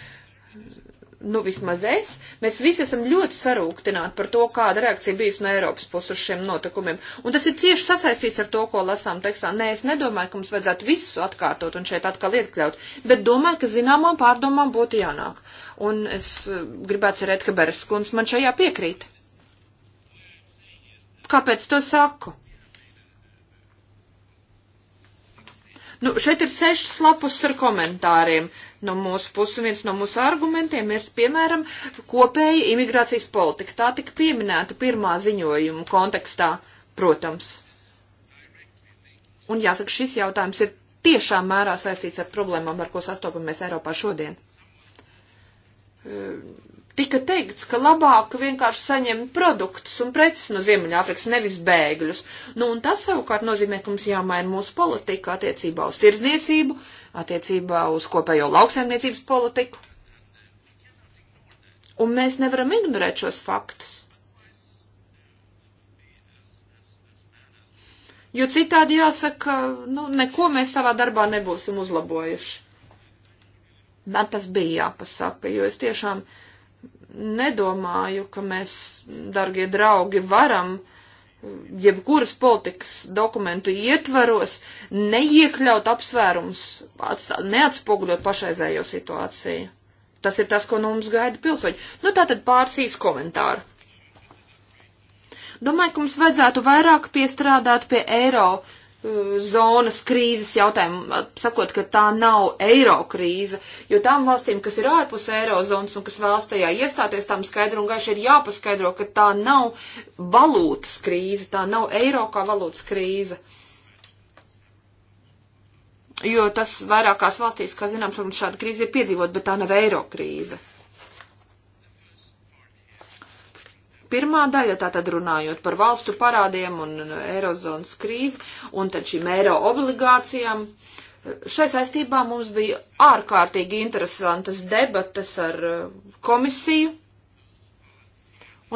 nu vismaz es, mēs visi esam ļoti sarūktināti par to, kāda reakcija bijusi no Eiropas puses uz šiem notikumiem. Un tas ir cieši sasaistīts ar to, ko lasām tekstā. Nē, es nedomāju, ka mums vajadzētu visu atkārtot un šeit atkal iekļaut, bet domāju, ka zināmām pārdomām būtu jānāk. Un es eh, gribētu cerēt, ka Beres kundze man šajā piekrīt. Kāpēc to saku? Nu, šeit ir sešas lapus ar komentāriem no mūsu puses. Viens no mūsu argumentiem ir, piemēram, kopēja imigrācijas politika. Tā tika pieminēta pirmā ziņojuma kontekstā, protams. Un jāsaka, šis jautājums ir tiešām mērā saistīts ar problēmām, ar ko sastopamies Eiropā šodien. Tika teikts, ka labāk vienkārši saņemt produktus un preces no Ziemeļāfrikas, nevis bēgļus. Nu, un tas savukārt nozīmē, ka mums jāmaina mūsu politika attiecībā uz tirzniecību, uh, attiecībā uz kopējo lauksaimniecības politiku. Un mēs nevaram ignorēt šos faktus. Jo citādi jāsaka, nu, neko mēs savā darbā nebūsim uzlabojuši. Man tas bija jāpasaka, jo es tiešām nedomāju, ka mēs, dargie draugi, varam uh, jebkuras politikas dokumentu ietvaros neiekļaut apsvērums, atstā, neatspoguļot pašreizējo situāciju. Tas ir tas, ko no mums gaida pilsoņi. Nu, tā tad pārsīs komentāru. Domāju, ka mums vajadzētu vairāk piestrādāt pie Eiropas zonas krīzes jautājumu, sakot, ka tā nav eiro krīze, jo tām valstīm, kas ir ārpus eirozonas un kas vēlas tajā iestāties, tām skaidru un gaiši ir jāpaskaidro, ka tā nav valūtas krīze, tā nav eiro kā valūtas krīze. Jo tas vairākās valstīs, kā zināms, šāda krīze ir piedzīvot, bet tā nav eiro krīze. Pirmā daļa, tātad runājot par valstu parādiem un eirozonas krīzi, un tad šīm eiro obligācijām, šai saistībā mums bija ārkārtīgi interesantas debatas ar uh, komisiju.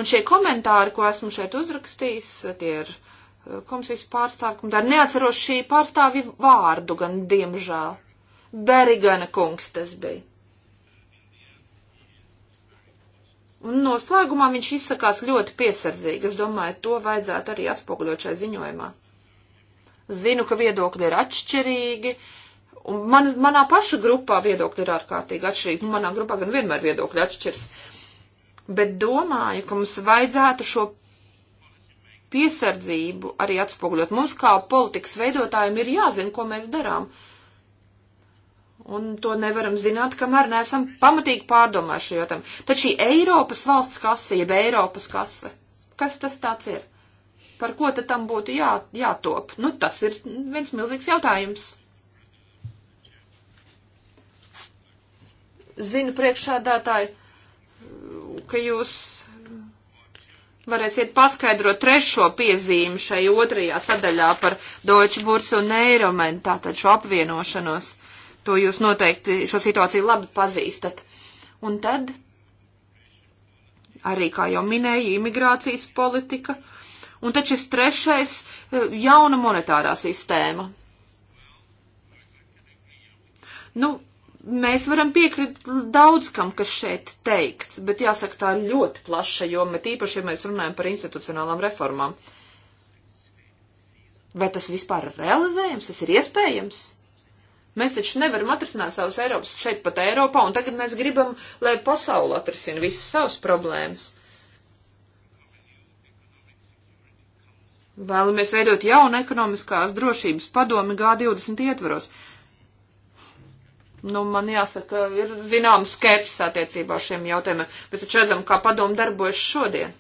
Un šie komentāri, ko esmu šeit uzrakstījis, tie ir uh, komisijas pārstāvkumi, dar neatceros šī pārstāvi vārdu gan, diemžēl. Berigana kungs tas bija. Un noslēgumā viņš izsakās ļoti piesardzīgi. Es domāju, to vajadzētu arī atspoguļot šai ziņojumā. Zinu, ka viedokļi ir atšķirīgi, un man, manā paša grupā viedokļi ir ārkārtīgi atšķirīgi. Nu, manā grupā gan vienmēr viedokļi atšķirs. Bet domāju, ka mums vajadzētu šo piesardzību arī atspoguļot. Mums kā politikas veidotājiem ir jāzina, ko mēs darām. Uh, Un to nevaram zināt, kamēr neesam pamatīgi pārdomājuši šo jautājumu. Tad šī Eiropas valsts kasa, jeb Eiropas kasa, kas tas tāds ir? Par ko tad tam būtu jā, jātop? Nu, tas ir viens milzīgs jautājums. Zinu priekšādātāji, ka jūs varēsiet paskaidrot trešo piezīmi šai otrajā sadaļā par Deutsche Burs un Eiromen, tātad šo apvienošanos. To jūs noteikti šo situāciju labi pazīstat. Un tad arī, kā jau minēju, imigrācijas politika. Un tad šis trešais eh, - jauna monetārā sistēma. Nu, mēs varam piekrist daudz kam, kas šeit teikts, bet jāsaka, tā ir ļoti plaša joma, tīpaši, ja mēs runājam par institucionālām reformām. Vai tas vispār ir realizējams, tas ir iespējams? Mēs taču nevaram atrisināt savus Eiropas šeit pat Eiropā, un tagad mēs gribam, lai pasauli atrisina visas savas problēmas. Vēlamies veidot jaunu ekonomiskās drošības padomi G20 ietvaros. Nu, man jāsaka, ir zinām skepsis attiecībā ar šiem jautājumiem, bet taču redzam, kā padomu darbojas šodien.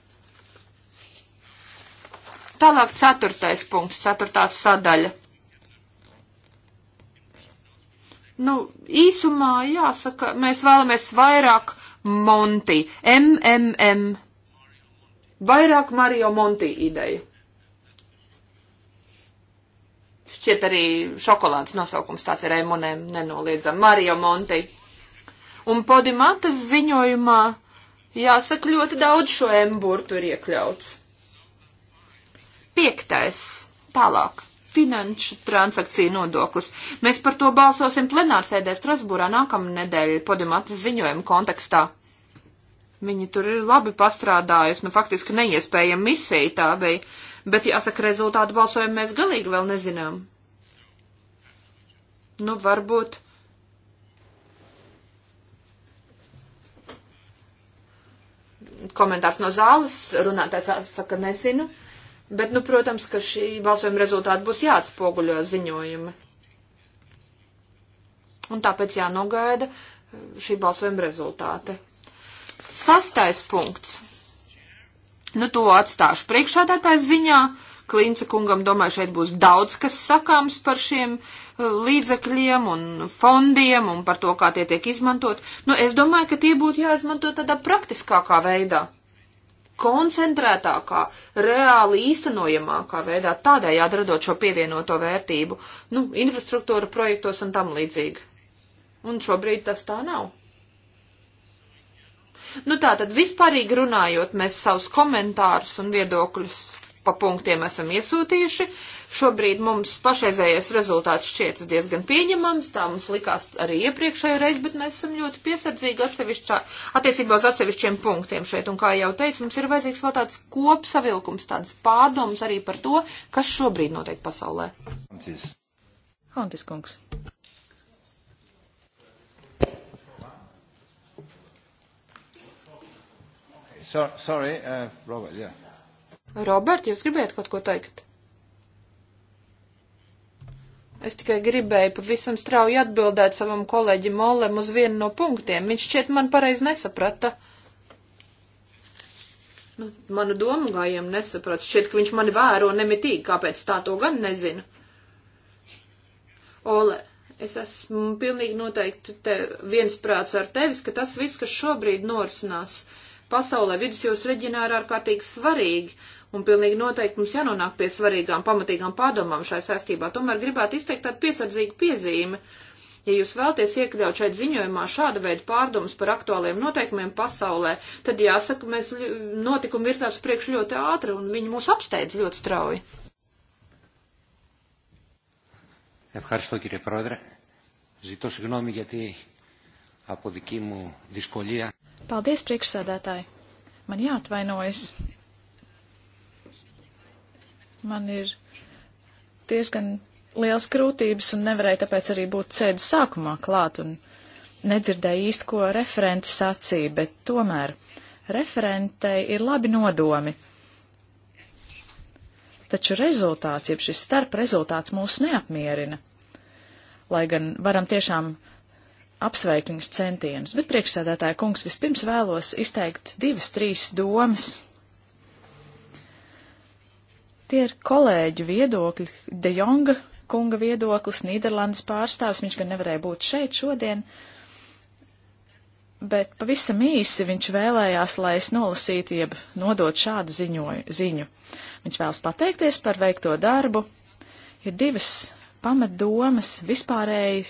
Tālāk ceturtais punkts, ceturtā sadaļa Nu, īsumā jāsaka, mēs vēlamies vairāk Monti, MMM, vairāk Mario Monti ideju. Šķiet arī šokolādes nosaukums tās ir emunēm nenoliedzam. Mario Monti. Un Podimatas ziņojumā, jāsaka, ļoti daudz šo emburtu ir iekļauts. Piektais. Tālāk finanšu transakciju nodoklis. Mēs par to balsosim plenārsēdē Strasbūrā nākamnedēļ Podimatas ziņojuma kontekstā. Viņi tur ir labi pastrādājusi, nu faktiski neiespējama misija tā bija, bet jāsaka, rezultātu balsojumu mēs galīgi vēl nezinām. Nu, varbūt. Komentārs no zāles, runātājs saka, nezinu. Uh, Bet, nu, protams, ka šī balsojuma rezultāti būs jāatspoguļo ziņojumi. Un tāpēc jānogaida uh, šī balsojuma rezultāti. Sastais punkts. Nu, to atstāšu priekšādātājs ziņā. Klīnce kungam, domāju, šeit būs daudz, kas sakāms par šiem uh, līdzekļiem un fondiem un par to, kā tie tiek izmantot. Nu, es domāju, ka tie būtu jāizmanto tādā praktiskākā veidā koncentrētākā, reāli īstenojamākā veidā, tādējādi radot šo pievienoto vērtību, nu, infrastruktūra projektos un tam līdzīgi. Un šobrīd tas tā nav. Nu tā tad vispārīgi runājot, mēs savus komentārus un viedokļus pa punktiem esam iesūtījuši. Uh, Šobrīd mums pašreizējais rezultāts šķiet diezgan pieņemams, tā mums likās arī iepriekšēju reizi, bet mēs esam ļoti piesardzīgi attiecībā uz atsevišķiem punktiem šeit. Un kā jau teicu, mums ir vajadzīgs vēl tāds kopsavilkums, tāds pārdoms arī par to, kas šobrīd notiek pasaulē. Hontis, Hontis kungs. Sorry, uh, Robert, jā. Yeah. Robert, jūs gribējāt kaut ko teikt? Es tikai gribēju pavisam strauji atbildēt savam kolēģim Olem uz vienu no punktiem. Viņš šķiet man pareizi nesaprata. Nu, manu domu gājiem nesaprata. Šķiet, ka viņš mani vēro nemitīgi, kāpēc tā to gan nezinu. Ole, es esmu pilnīgi noteikti te viensprāts ar tevis, ka tas viss, kas šobrīd norisinās pasaulē vidusjūras reģionā, ir ārkārtīgi svarīgi un pilnīgi noteikti mums jānonāk pie svarīgām pamatīgām pārdomām šai saistībā. Tomēr gribētu izteikt tādu piesardzīgu piezīmi. Ja jūs vēlaties iekļaut šeit ziņojumā šāda veida pārdomas par aktuāliem noteikumiem pasaulē, tad jāsaka, mēs notikumu virzās priekš ļoti ātri un viņi mūs apsteidz ļoti strauji. Ευχαριστώ κύριε Πρόεδρε. Ζητώ συγγνώμη γιατί από δική μου δυσκολία. Paldies, priekšsēdētāji. Man jāatvainojas man ir diezgan liels grūtības un nevarēja tāpēc arī būt sēdes sākumā klāt un nedzirdēju īsti, ko referenti sacīja, bet tomēr referentei ir labi nodomi. Taču rezultāts, jeb šis starp rezultāts mūs neapmierina, lai gan varam tiešām apsveikt viņas centienus, bet priekšsēdētāja kungs vispirms vēlos izteikt divas, trīs domas Tie ir kolēģu viedokļi, De Jonga kunga viedoklis, Nīderlandes pārstāvs, viņš gan nevarēja būt šeit šodien, bet pavisam īsi viņš vēlējās, lai es nolasītu, jeb nodot šādu ziņoju, ziņu. Viņš vēlas pateikties par veikto darbu. Ir divas pamatdomas, vispārēji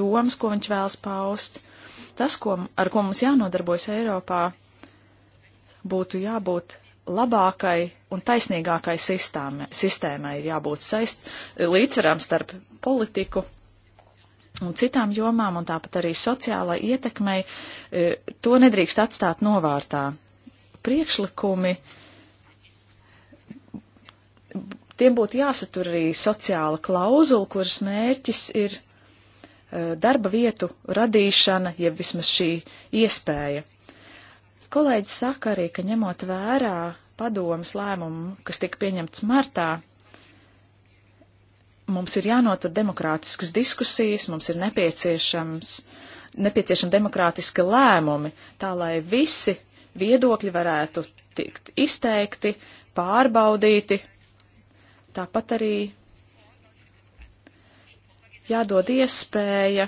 domas, ko viņš vēlas paust. Tas, ko, ar ko mums jānodarbojas Eiropā, būtu jābūt labākai un taisnīgākai sistāme, sistēmai ir jābūt saist, līdzsvarām starp politiku un citām jomām, un tāpat arī sociālai ietekmei, e, to nedrīkst atstāt novārtā. Priekšlikumi, tiem būtu jāsatur arī sociāla klauzula, kuras mērķis ir e, darba vietu radīšana, jeb vismaz šī iespēja Kolēģis saka arī, ka ņemot vērā padomas lēmumu, kas tika pieņemts martā, mums ir jānotur demokrātiskas diskusijas, mums ir nepieciešams, nepieciešami demokrātiski lēmumi, tā lai visi viedokļi varētu tikt izteikti, pārbaudīti. Tāpat arī jādod iespēja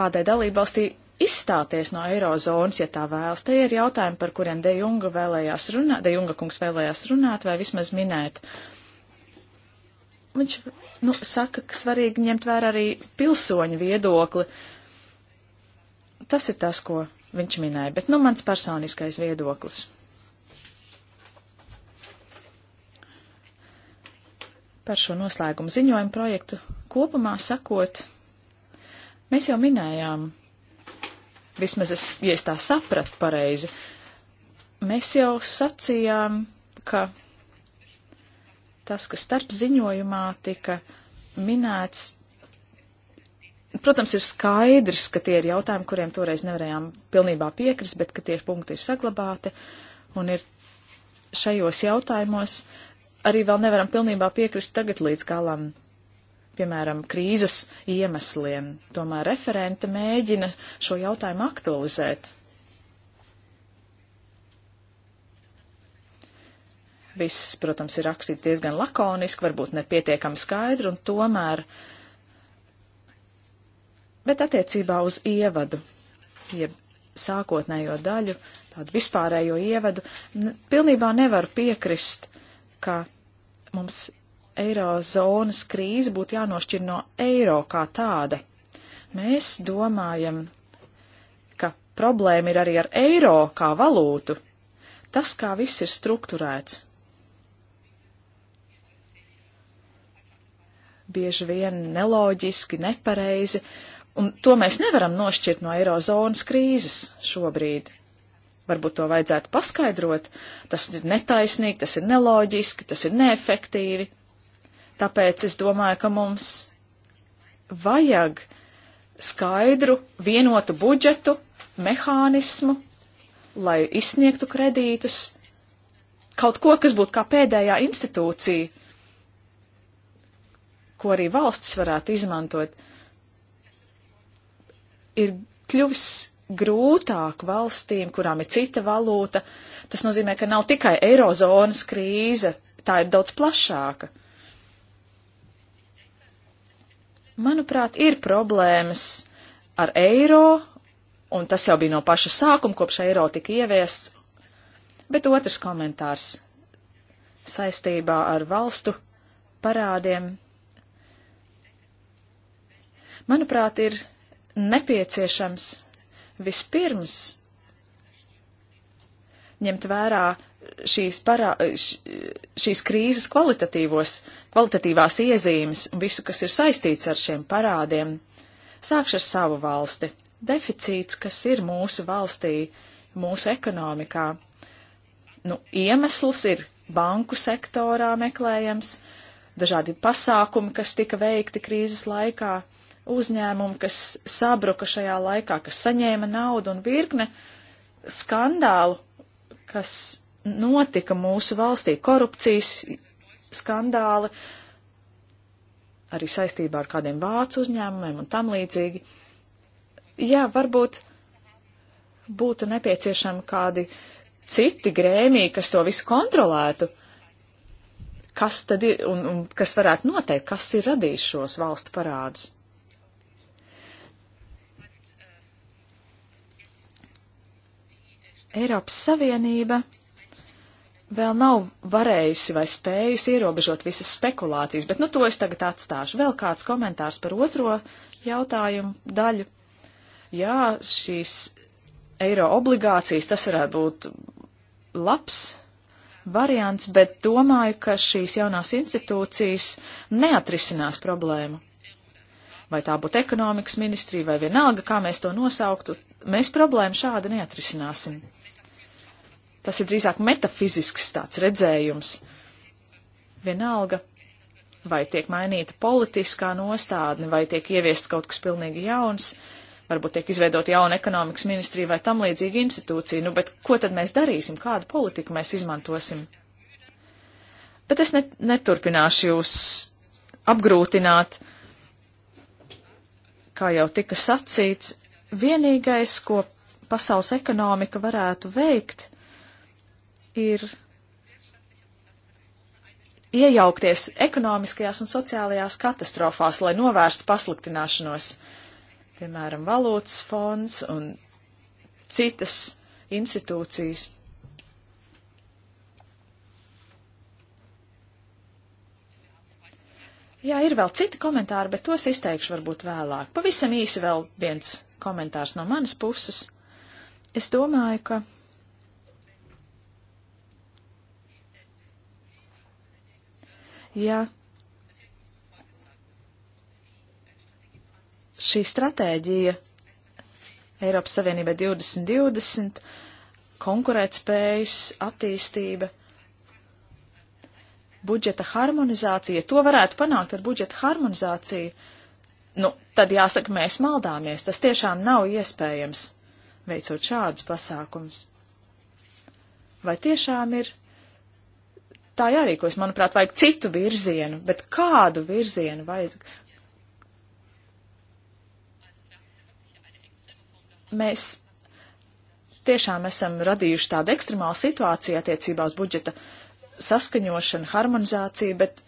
kādai dalībvalstī izstāties no eirozonas, ja tā vēlas. Tie ir jautājumi, par kuriem De Junga, vēlējās runāt, De Junga kungs vēlējās runāt vai vismaz minēt. Viņš nu, saka, ka svarīgi ņemt vērā arī pilsoņu viedokli. Tas ir tas, ko viņš minēja, bet nu mans personiskais viedoklis. Par šo noslēgumu ziņojumu projektu kopumā sakot, mēs jau minējām vismaz es, ja es tā sapratu pareizi, mēs jau sacījām, ka tas, kas starp ziņojumā tika minēts, protams, ir skaidrs, ka tie ir jautājumi, kuriem toreiz nevarējām pilnībā piekrist, bet ka tie punkti ir saglabāti un ir šajos jautājumos arī vēl nevaram pilnībā piekrist tagad līdz galam piemēram, krīzes iemesliem. Tomēr referente mēģina šo jautājumu aktualizēt. Viss, protams, ir rakstīts diezgan lakoniski, varbūt nepietiekami skaidri, un tomēr. Bet attiecībā uz ievadu, jeb sākotnējo daļu, tādu vispārējo ievadu, pilnībā nevaru piekrist, ka mums eirozonas krīze būtu jānošķir no eiro kā tāda. Mēs domājam, ka problēma ir arī ar eiro kā valūtu. Tas, kā viss ir strukturēts. Bieži vien neloģiski, nepareizi, un to mēs nevaram nošķirt no eirozonas krīzes šobrīd. Varbūt to vajadzētu paskaidrot. Tas ir netaisnīgi, tas ir neloģiski, tas ir neefektīvi. Tāpēc es domāju, ka mums vajag skaidru, vienotu budžetu, mehānismu, lai izsniegtu kredītus, kaut ko, kas būtu kā pēdējā institūcija, ko arī valsts varētu izmantot, ir kļuvis grūtāk valstīm, kurām ir cita valūta. Tas nozīmē, ka nav tikai eirozonas krīze, tā ir daudz plašāka. Manuprāt, ir problēmas ar eiro, un tas jau bija no paša sākuma, kopš eiro tika ieviests. Bet otrs komentārs saistībā ar valstu parādiem. Manuprāt, ir nepieciešams vispirms ņemt vērā šīs, parā, šīs krīzes kvalitatīvās iezīmes un visu, kas ir saistīts ar šiem parādiem. Sākšu ar savu valsti. Deficīts, kas ir mūsu valstī, mūsu ekonomikā. Nu, iemesls ir banku sektorā meklējams, dažādi pasākumi, kas tika veikti krīzes laikā, uzņēmumi, kas sabruka šajā laikā, kas saņēma naudu un virkne skandālu, kas notika mūsu valstī korupcijas skandāli, arī saistībā ar kādiem vācu uzņēmumiem un tam līdzīgi. Jā, varbūt būtu nepieciešami kādi citi grēmī, kas to visu kontrolētu. Kas tad ir un, un kas varētu noteikt, kas ir radījis šos valstu parādus? Eiropas Savienība vēl nav varējusi vai spējusi ierobežot visas spekulācijas, bet nu to es tagad atstāšu. Vēl kāds komentārs par otro jautājumu daļu. Jā, šīs eiro obligācijas, tas varētu būt labs variants, bet domāju, ka šīs jaunās institūcijas neatrisinās problēmu. Vai tā būtu ekonomikas ministrija vai vienalga, kā mēs to nosauktu, mēs problēmu šādi neatrisināsim. Tas ir drīzāk metafizisks tāds redzējums. Vienalga, vai tiek mainīta politiskā nostādne, vai tiek ieviests kaut kas pilnīgi jauns, varbūt tiek izveidot jauna ekonomikas ministrija vai tam līdzīga institūcija, nu bet ko tad mēs darīsim, kādu politiku mēs izmantosim? Bet es net, neturpināšu jūs apgrūtināt, kā jau tika sacīts, vienīgais, ko pasaules ekonomika varētu veikt, ir iejaukties ekonomiskajās un sociālajās katastrofās, lai novērstu pasliktināšanos. Piemēram, valūtas fonds un citas institūcijas. Jā, ir vēl citi komentāri, bet tos izteikšu varbūt vēlāk. Pavisam īsi vēl viens komentārs no manas puses. Es domāju, ka ja šī stratēģija Eiropas Savienībai 2020, konkurētspējas attīstība, budžeta harmonizācija, to varētu panākt ar budžeta harmonizāciju, nu, tad jāsaka, mēs maldāmies, tas tiešām nav iespējams, veicot šādus pasākums. Vai tiešām ir tā jārīkojas. Manuprāt, vajag citu virzienu, bet kādu virzienu vajag? Mēs tiešām esam radījuši tādu ekstremālu situāciju attiecībā uz budžeta saskaņošanu, harmonizāciju, bet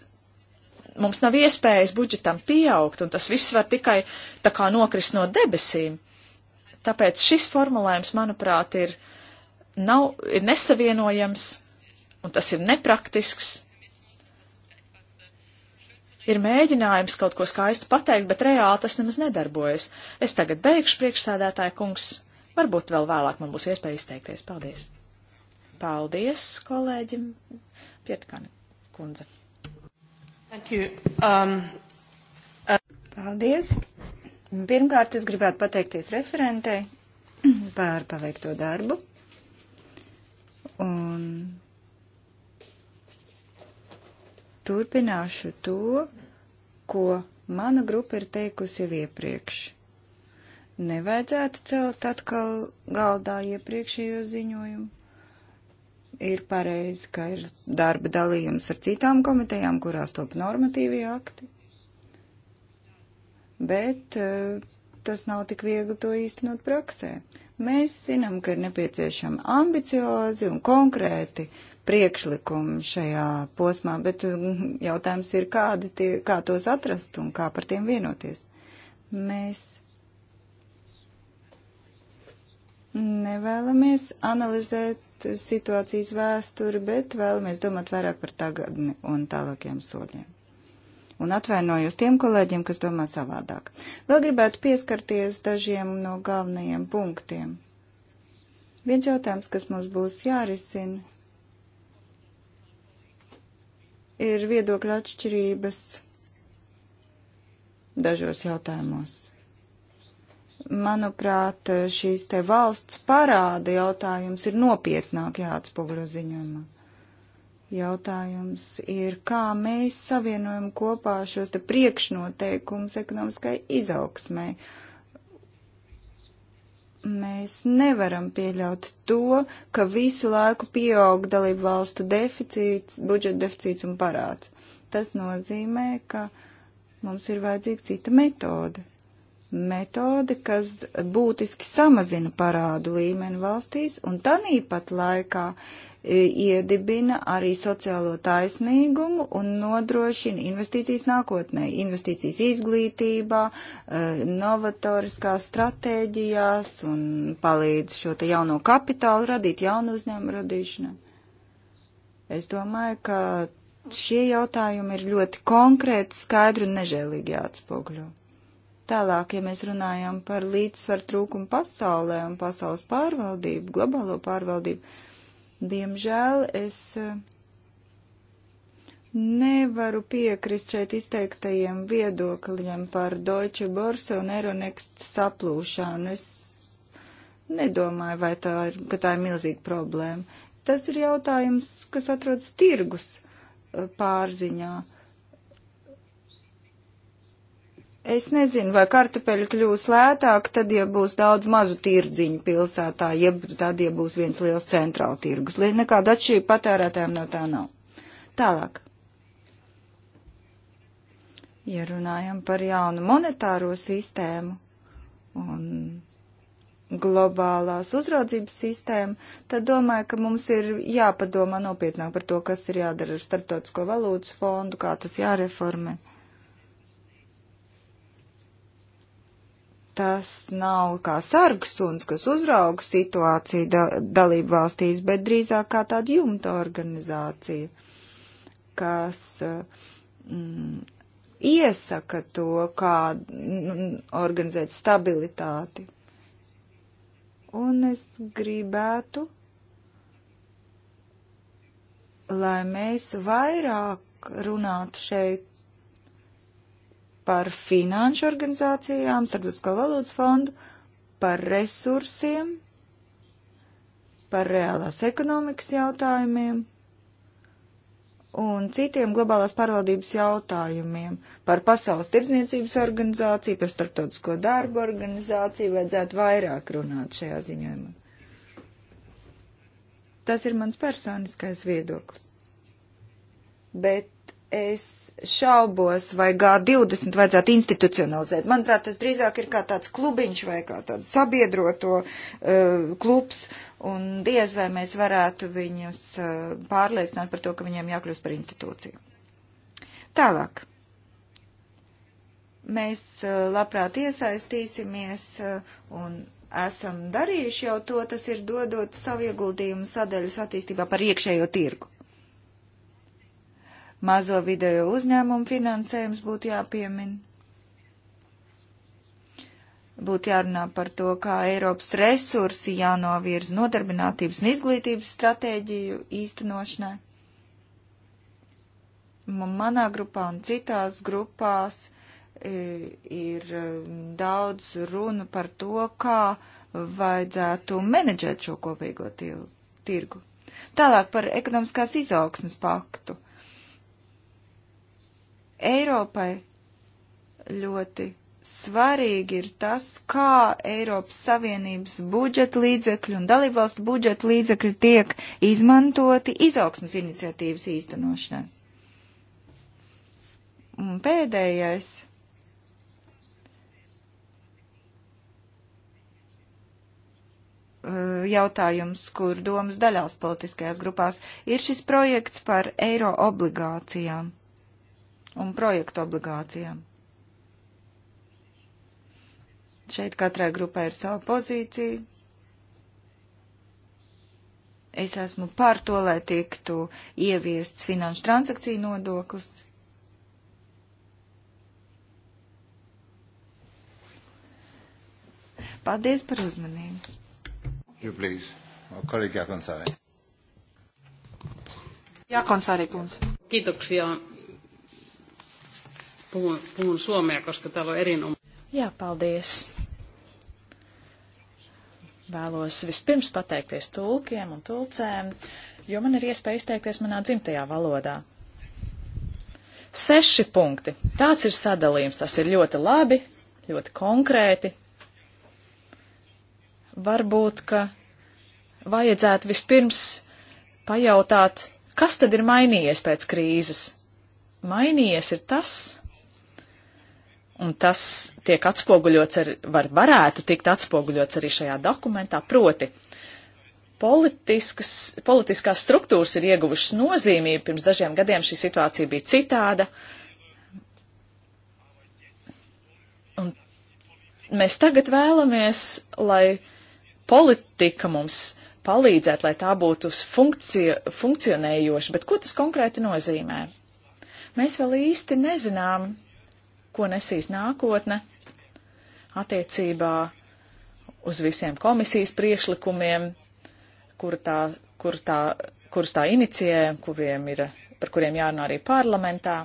mums nav iespējas budžetam pieaugt, un tas viss var tikai tā kā nokrist no debesīm. Tāpēc šis formulējums, manuprāt, ir, nav, ir nesavienojams un tas ir nepraktisks. Ir mēģinājums kaut ko skaistu pateikt, bet reāli tas nemaz nedarbojas. Es tagad beigšu priekšsēdētāja kungs. Varbūt vēl vēlāk man būs iespēja izteikties. Paldies! Paldies kolēģim Pietkani kundze. Thank you. Um, uh... Paldies! Pirmkārt, es gribētu pateikties referentei par paveikto darbu. Un Turpināšu to, ko mana grupa ir teikusi jau iepriekš. Nevajadzētu celt atkal galdā iepriekšējo ziņojumu. Ir pareizi, ka ir darba dalījums ar citām komitejām, kurās top normatīvie akti. Bet eh, tas nav tik viegli to īstenot praksē. Mēs zinām, ka ir nepieciešami ambiciozi un konkrēti priekšlikumi šajā posmā, bet uh, jautājums ir, kādi tie, kā tos atrast un kā par tiem vienoties. Mēs nevēlamies analizēt situācijas vēsturi, bet vēlamies domāt vairāk par tagadni un tālākiem soļiem. Un atvainojos tiem kolēģiem, kas domā savādāk. Vēl gribētu pieskarties dažiem no galvenajiem punktiem. Viens jautājums, kas mums būs jārisina, ir viedokļa atšķirības dažos jautājumos. Manuprāt, šīs te valsts parāda jautājums ir nopietnāk jāatspoguļo ziņojumā. Jautājums ir, kā mēs savienojam kopā šos te priekšnoteikumus ekonomiskai izaugsmai Mēs nevaram pieļaut to, ka visu laiku pieaug dalību valstu deficīts, budžeta deficīts un parāds. Tas nozīmē, ka mums ir vajadzīga cita metode metode, kas būtiski samazina parādu līmeni valstīs un tanīpat laikā e, iedibina arī sociālo taisnīgumu un nodrošina investīcijas nākotnē, investīcijas izglītībā, e, novatoriskās stratēģijās un palīdz šo te jauno kapitālu radīt, jaunu uzņēmumu radīšanai. Es domāju, ka šie jautājumi ir ļoti konkrēti, skaidri un nežēlīgi jāatspoguļo. Tālāk, ja mēs runājam par līdzsvaru trūkumu pasaulē un pasaules pārvaldību, globālo pārvaldību, diemžēl es eh, nevaru piekrist šeit izteiktajiem viedokļiem par Deutsche Börse un Euronext saplūšanu. Es nedomāju, vai tā ir, ka tā ir milzīga problēma. Tas ir jautājums, kas atrodas tirgus eh, pārziņā. Uh, Es nezinu, vai kartupeļi kļūs lētāk, tad, ja būs daudz mazu tirdziņu pilsētā, jeb tad, ja būs viens liels centrāla tirgus. Nekāda atšķirība patērētājiem no tā nav. Tālāk. Ja runājam par jaunu monetāro sistēmu un globālās uzraudzības sistēmu, tad domāju, ka mums ir jāpadomā nopietnāk par to, kas ir jādara ar starptautisko valūtas fondu, kā tas jāreformē. tas nav kā sargsuns, kas uzrauga situāciju da dalību valstīs, bet drīzāk kā tāda jumta organizācija, kas eh, mm, iesaka to, kā mm, organizēt stabilitāti. Un es gribētu, lai mēs vairāk runātu šeit par finanšu organizācijām, starptautiskā valodas fondu, par resursiem, par reālās ekonomikas jautājumiem un citiem globālās pārvaldības jautājumiem. Par pasaules tirdzniecības organizāciju, par starptautisko darbu organizāciju vajadzētu vairāk runāt šajā ziņojumā. Tas ir mans personiskais viedoklis. Bet Es šaubos, vai G20 vajadzētu institucionalizēt. Manuprāt, tas drīzāk ir kā tāds klubiņš vai kā tāds sabiedroto uh, klubs, un diez vai mēs varētu viņus uh, pārliecināt par to, ka viņiem jākļūst par institūciju. Tālāk. Mēs uh, labprāt iesaistīsimies uh, un esam darījuši jau to, tas ir dodot savu ieguldījumu sadaļas attīstībā par iekšējo tirgu. Mazo video uzņēmumu finansējums būtu jāpiemina. Būtu jārunā par to, kā Eiropas resursi jānovirza nodarbinātības un izglītības stratēģiju īstenošanai. Manā grupā un citās grupās e, ir e, daudz runu par to, kā vajadzētu menedžēt šo kopīgo tirgu. Tālāk par ekonomiskās izaugsmas paktu. Eiropai ļoti svarīgi ir tas, kā Eiropas Savienības budžeta līdzekļi un dalībvalstu budžeta līdzekļi tiek izmantoti izaugsmas iniciatīvas īstenošanai. Un pēdējais. Jautājums, kur domas daļās politiskajās grupās, ir šis projekts par eiro obligācijām un projektu obligācijām. Šeit katrai grupai ir sava pozīcija. Es esmu par to, lai tiktu ieviests finanšu transakciju nodoklis. Paldies par uzmanību. You please. Kolēģi Jākonsārī. Jākonsārī, kundze. Kiitoksia puhun, puhun suomea, koska täällä on erinomainen. Jā, paldies. Vēlos vispirms pateikties tulkiem un tulcēm, jo man ir iespēja izteikties manā dzimtajā valodā. Seši punkti. Tāds ir sadalījums. Tas ir ļoti labi, ļoti konkrēti. Varbūt, ka vajadzētu vispirms pajautāt, kas tad ir mainījies pēc krīzes? Mainījies ir tas, Un tas tiek atspoguļots, ar, var, varētu tikt atspoguļots arī šajā dokumentā, proti politiskās struktūras ir ieguvušas nozīmību. Pirms dažiem gadiem šī situācija bija citāda. Un mēs tagad vēlamies, lai politika mums palīdzētu, lai tā būtu funkcio, funkcionējoša, bet ko tas konkrēti nozīmē? Mēs vēl īsti nezinām, ko nesīs nākotne attiecībā uz visiem komisijas priekšlikumiem, kur tā, kur tā, kurus tā inicijē, kuriem ir, par kuriem jārunā arī parlamentā.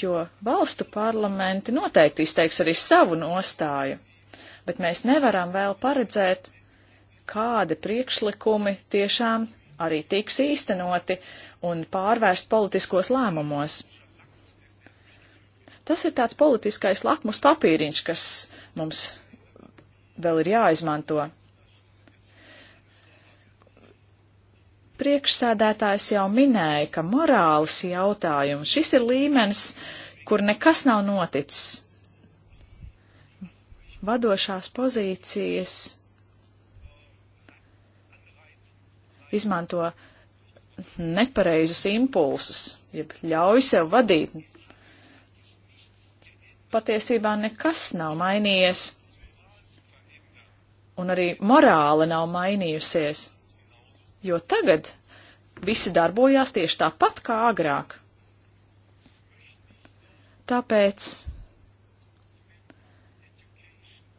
Jo valstu parlamenti noteikti izteiks arī savu nostāju, bet mēs nevaram vēl paredzēt, kādi priekšlikumi tiešām arī tiks īstenoti un pārvērst politiskos lēmumos. Tas ir tāds politiskais lakmus papīriņš, kas mums vēl ir jāizmanto. Priekšsēdētājs jau minēja, ka morāls jautājums šis ir līmenis, kur nekas nav noticis. Vadošās pozīcijas izmanto nepareizus impulsus, jeb ļauj sev vadīt patiesībā nekas nav mainījies, un arī morāle nav mainījusies, jo tagad visi darbojās tieši tāpat kā agrāk. Tāpēc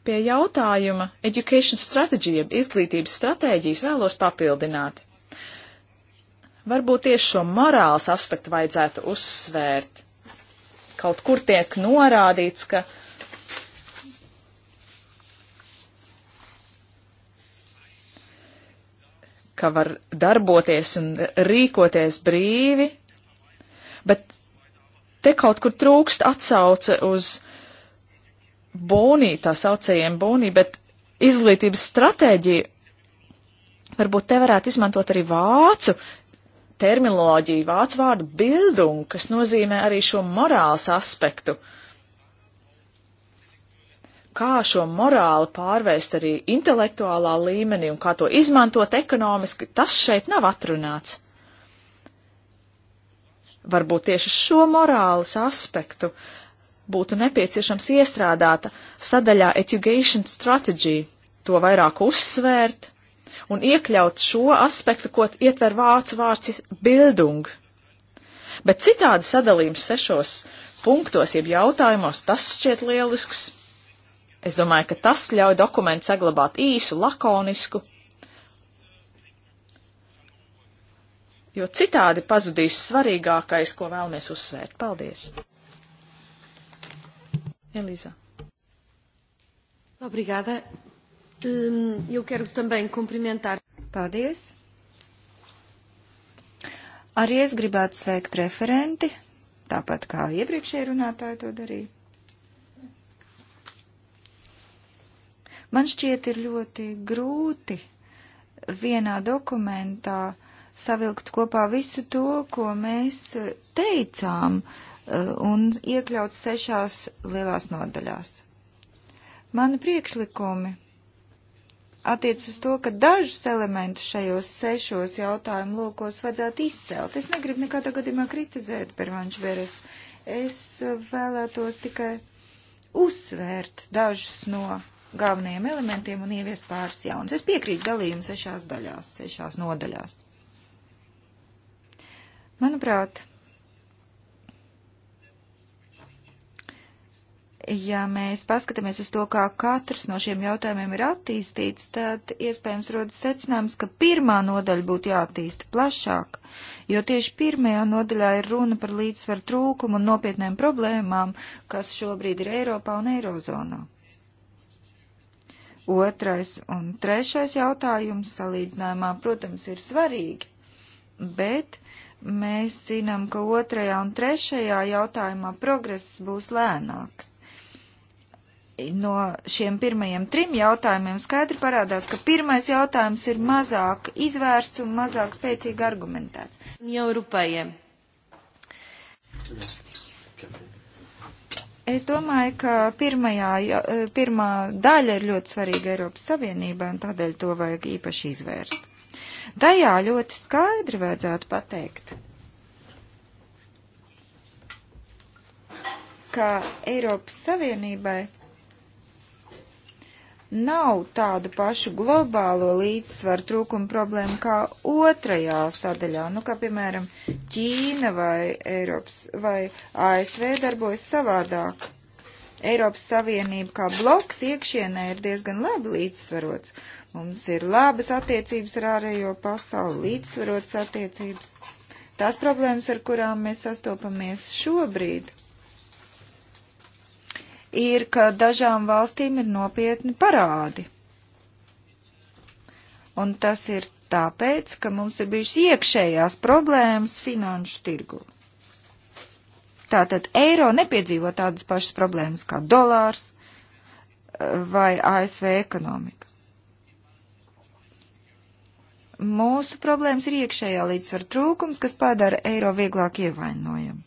pie jautājuma education strategy, jeb izglītības stratēģijas vēlos papildināt. Varbūt tieši šo morāls aspektu vajadzētu uzsvērt kaut kur tiek norādīts, ka ka var darboties un rīkoties brīvi, bet te kaut kur trūkst atsauce uz būnī, tā saucējiem būnī, bet izglītības stratēģija varbūt te varētu izmantot arī vācu terminoloģiju, vācu vārdu bildung, kas nozīmē arī šo morāls aspektu. Kā šo morāli pārvērst arī intelektuālā līmenī un kā to izmantot ekonomiski, tas šeit nav atrunāts. Varbūt tieši šo morāles aspektu būtu nepieciešams iestrādāta sadaļā Education Strategy, to vairāk uzsvērt un iekļaut šo aspektu, ko ietver vācu vārds bildung. Bet citādi sadalījums sešos punktos, jeb jautājumos, tas šķiet lielisks. Es domāju, ka tas ļauj dokumentu saglabāt īsu, lakonisku, jo citādi pazudīs svarīgākais, ko vēlamies uzsvērt. Paldies! Elisa. Obrigada. Eu quero também cumprimentar. Paldies. Arī es gribētu sveikt referenti, tāpat kā iepriekšēji runātāji to darīja. Man šķiet ir ļoti grūti vienā dokumentā savilkt kopā visu to, ko mēs teicām, eh, un iekļaut sešās lielās nodaļās. Mani priekšlikumi attiec uz to, ka dažus elementus šajos sešos jautājumu lokos vajadzētu izcelt. Es negribu nekādā gadījumā kritizēt Pervanš Veres. Es vēlētos tikai uzsvērt dažus no galvenajiem elementiem un ievies pāris jaunas. Es piekrītu dalījumu sešās daļās, sešās nodaļās. Manuprāt, Ja mēs paskatāmies uz to, kā katrs no šiem jautājumiem ir attīstīts, tad iespējams rodas secinājums, ka pirmā nodaļa būtu jātīsta plašāk, jo tieši pirmajā nodaļā ir runa par līdzsvaru trūkumu un nopietnēm problēmām, kas šobrīd ir Eiropā un Eirozonā. Otrais un trešais jautājums salīdzinājumā, protams, ir svarīgi, bet mēs zinām, ka otrajā un trešajā jautājumā progress būs lēnāks no šiem pirmajiem trim jautājumiem skaidri parādās, ka pirmais jautājums ir mazāk izvērsts un mazāk spēcīgi argumentēts. Jau rupējiem. Es domāju, ka pirmajā, pirmā daļa ir ļoti svarīga Eiropas Savienībai, un tādēļ to vajag īpaši izvērst. Tajā ļoti skaidri vajadzētu pateikt, ka Eiropas Savienībai nav tādu pašu globālo līdzsvaru trūkumu problēmu kā otrajā sadaļā, nu kā piemēram Ķīna vai Eiropas vai ASV darbojas savādāk. Eiropas Savienība kā bloks iekšienē ir diezgan labi līdzsvarots. Mums ir labas attiecības ar ārējo pasauli, līdzsvarots attiecības. Tās problēmas, ar kurām mēs sastopamies šobrīd, ir, ka dažām valstīm ir nopietni parādi. Un tas ir tāpēc, ka mums ir bijušas iekšējās problēmas finanšu tirgu. Tātad eiro nepiedzīvo tādas pašas problēmas kā dolārs eh, vai ASV ekonomika. Mūsu problēmas ir iekšējā līdzsvara trūkums, kas padara eiro vieglāk ievainojumu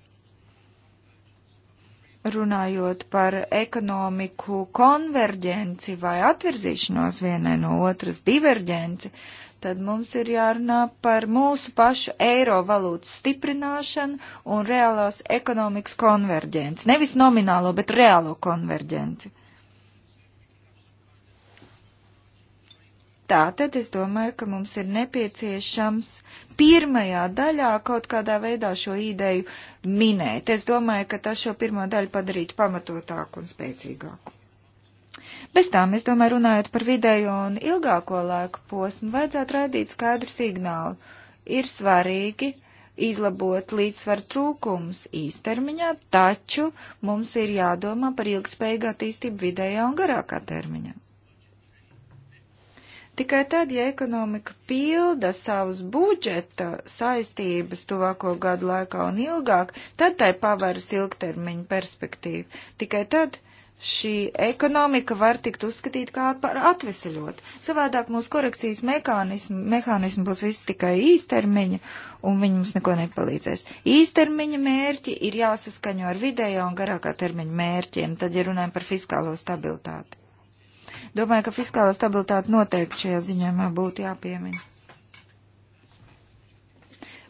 runājot par ekonomiku konverģenci vai atvirzīšanos vienai no otras diverģenci, tad mums ir jārunā par mūsu pašu eiro valūtas stiprināšanu un reālās ekonomikas konverģenci. Nevis nominālo, bet reālo konverģenci. Tātad es domāju, ka mums ir nepieciešams pirmajā daļā kaut kādā veidā šo ideju minēt. Es domāju, ka tas šo pirmo daļu padarītu pamatotāku un spēcīgāku. Bez tām, es domāju, runājot par vidējo un ilgāko laiku posmu, vajadzētu radīt skaidru signālu. Ir svarīgi izlabot līdzsvaru trūkumus īstermiņā, taču mums ir jādomā par ilgspējīgu attīstību vidējā un garākā termiņā. Tikai tad, ja ekonomika pilda savus budžeta saistības tuvāko gadu laikā un ilgāk, tad tai pavaras ilgtermiņa perspektīva. Tikai tad šī ekonomika var tikt uzskatīta kā par atveseļot. Savādāk mūsu korekcijas mehānismi, mehānismi būs viss tikai īstermiņa un viņi mums neko nepalīdzēs. Īstermiņa mērķi ir jāsaskaņo ar vidējā un garākā termiņa mērķiem, tad, ja runājam par fiskālo stabilitāti. Domāju, ka fiskālā stabilitāte noteikti šajā ziņojumā būtu jāpiemina.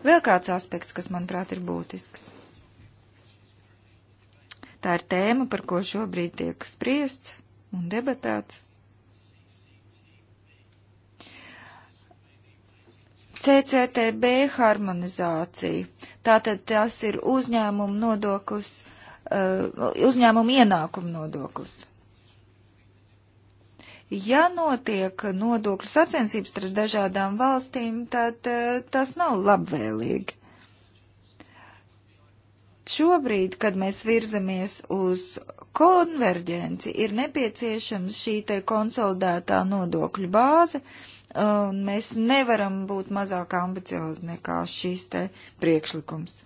Vēl kāds aspekts, kas, manuprāt, ir būtisks. Tā ir tēma, par ko šobrīd tiek spriests un debatēts. CCTB harmonizācija. Tātad tas ir uzņēmumu nodoklis, uh, uzņēmumu ienākumu nodoklis. Ja notiek nodokļu sacensības starp dažādām valstīm, tad eh, tas nav labvēlīgi. Šobrīd, kad mēs virzamies uz konverģenci, ir nepieciešams šī te konsolidētā nodokļu bāze, un mēs nevaram būt mazāk ambiciozi nekā šis te priekšlikums.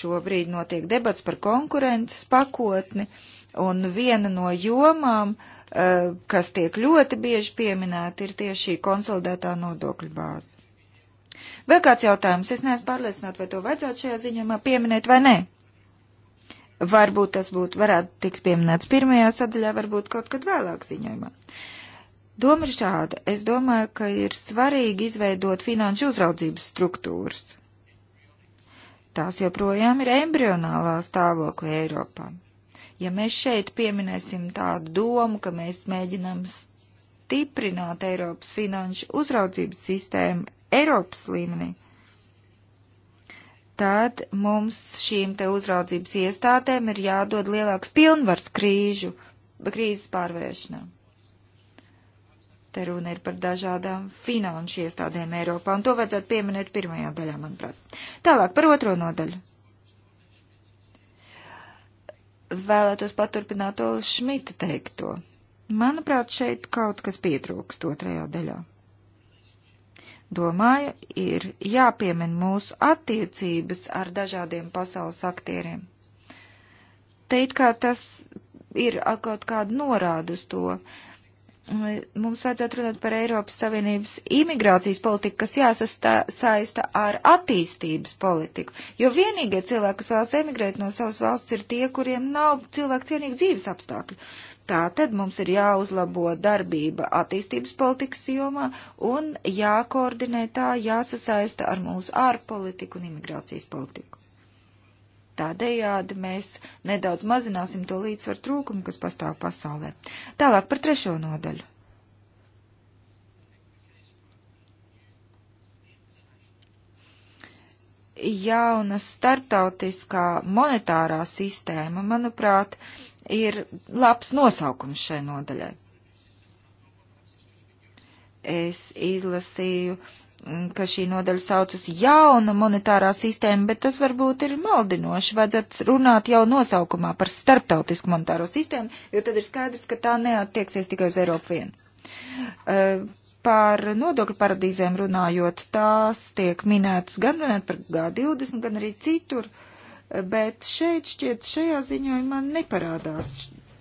Šobrīd notiek debats par konkurences pakotni. Uh, Un viena no jomām, eh, kas tiek ļoti bieži pieminēta, ir tieši šī konsolidētā nodokļu bāze. Vēl kāds jautājums? Es neesmu pārliecināta, vai to vajadzētu šajā ziņojumā pieminēt vai nē. Varbūt tas būtu, varētu tikt pieminēts pirmajā sadaļā, varbūt kaut kad vēlāk ziņojumā. Doma ir šāda. Es domāju, ka ir svarīgi izveidot finanšu uzraudzības struktūras. Tās joprojām ir embrionālā stāvoklī Eiropā. Ja mēs šeit pieminēsim tādu domu, ka mēs mēģinām stiprināt Eiropas finanšu uzraudzības sistēmu Eiropas līmenī, tad mums šīm te uzraudzības iestādēm ir jādod lielāks pilnvars krīžu, krīzes pārvēršanā. Te runa ir par dažādām finanšu iestādēm Eiropā, un to vajadzētu pieminēt pirmajā daļā, manuprāt. Tālāk par otro nodaļu vēlētos paturpināt Ola Šmita teikto. Manuprāt, šeit kaut kas pietrūkst otrajā daļā. Domāju, ir jāpiemina mūsu attiecības ar dažādiem pasaules aktieriem. Te it kā tas ir kaut kāda norāda uz to, uh, mums vajadzētu runāt par Eiropas Savienības imigrācijas politiku, kas jāsaista ar attīstības politiku. Jo vienīgie cilvēki, kas vēlas emigrēt no savas valsts, ir tie, kuriem nav cilvēku cienīgi dzīves apstākļi. Tā tad mums ir jāuzlabo darbība attīstības politikas jomā un jākoordinē tā, jāsasaista ar mūsu ārpolitiku un imigrācijas politiku. Tādējādi mēs nedaudz mazināsim to līdzsvaru trūkumu, kas pastāv pasaulē. Tālāk par trešo nodaļu. Jauna starptautiskā monetārā sistēma, manuprāt, ir labs nosaukums šai nodaļai. Es izlasīju Mm, ka šī nodaļa sauc uz jauna monetārā sistēma, bet tas varbūt ir maldinoši. Vajadzētu runāt jau nosaukumā par starptautisku monetāro sistēmu, jo tad ir skaidrs, ka tā neattieksies tikai uz Eiropu vienu. Uh, e, par nodokļu paradīzēm runājot, tās tiek minētas gan runāt par G20, gan arī citur, bet šeit šķiet šajā ziņojumā neparādās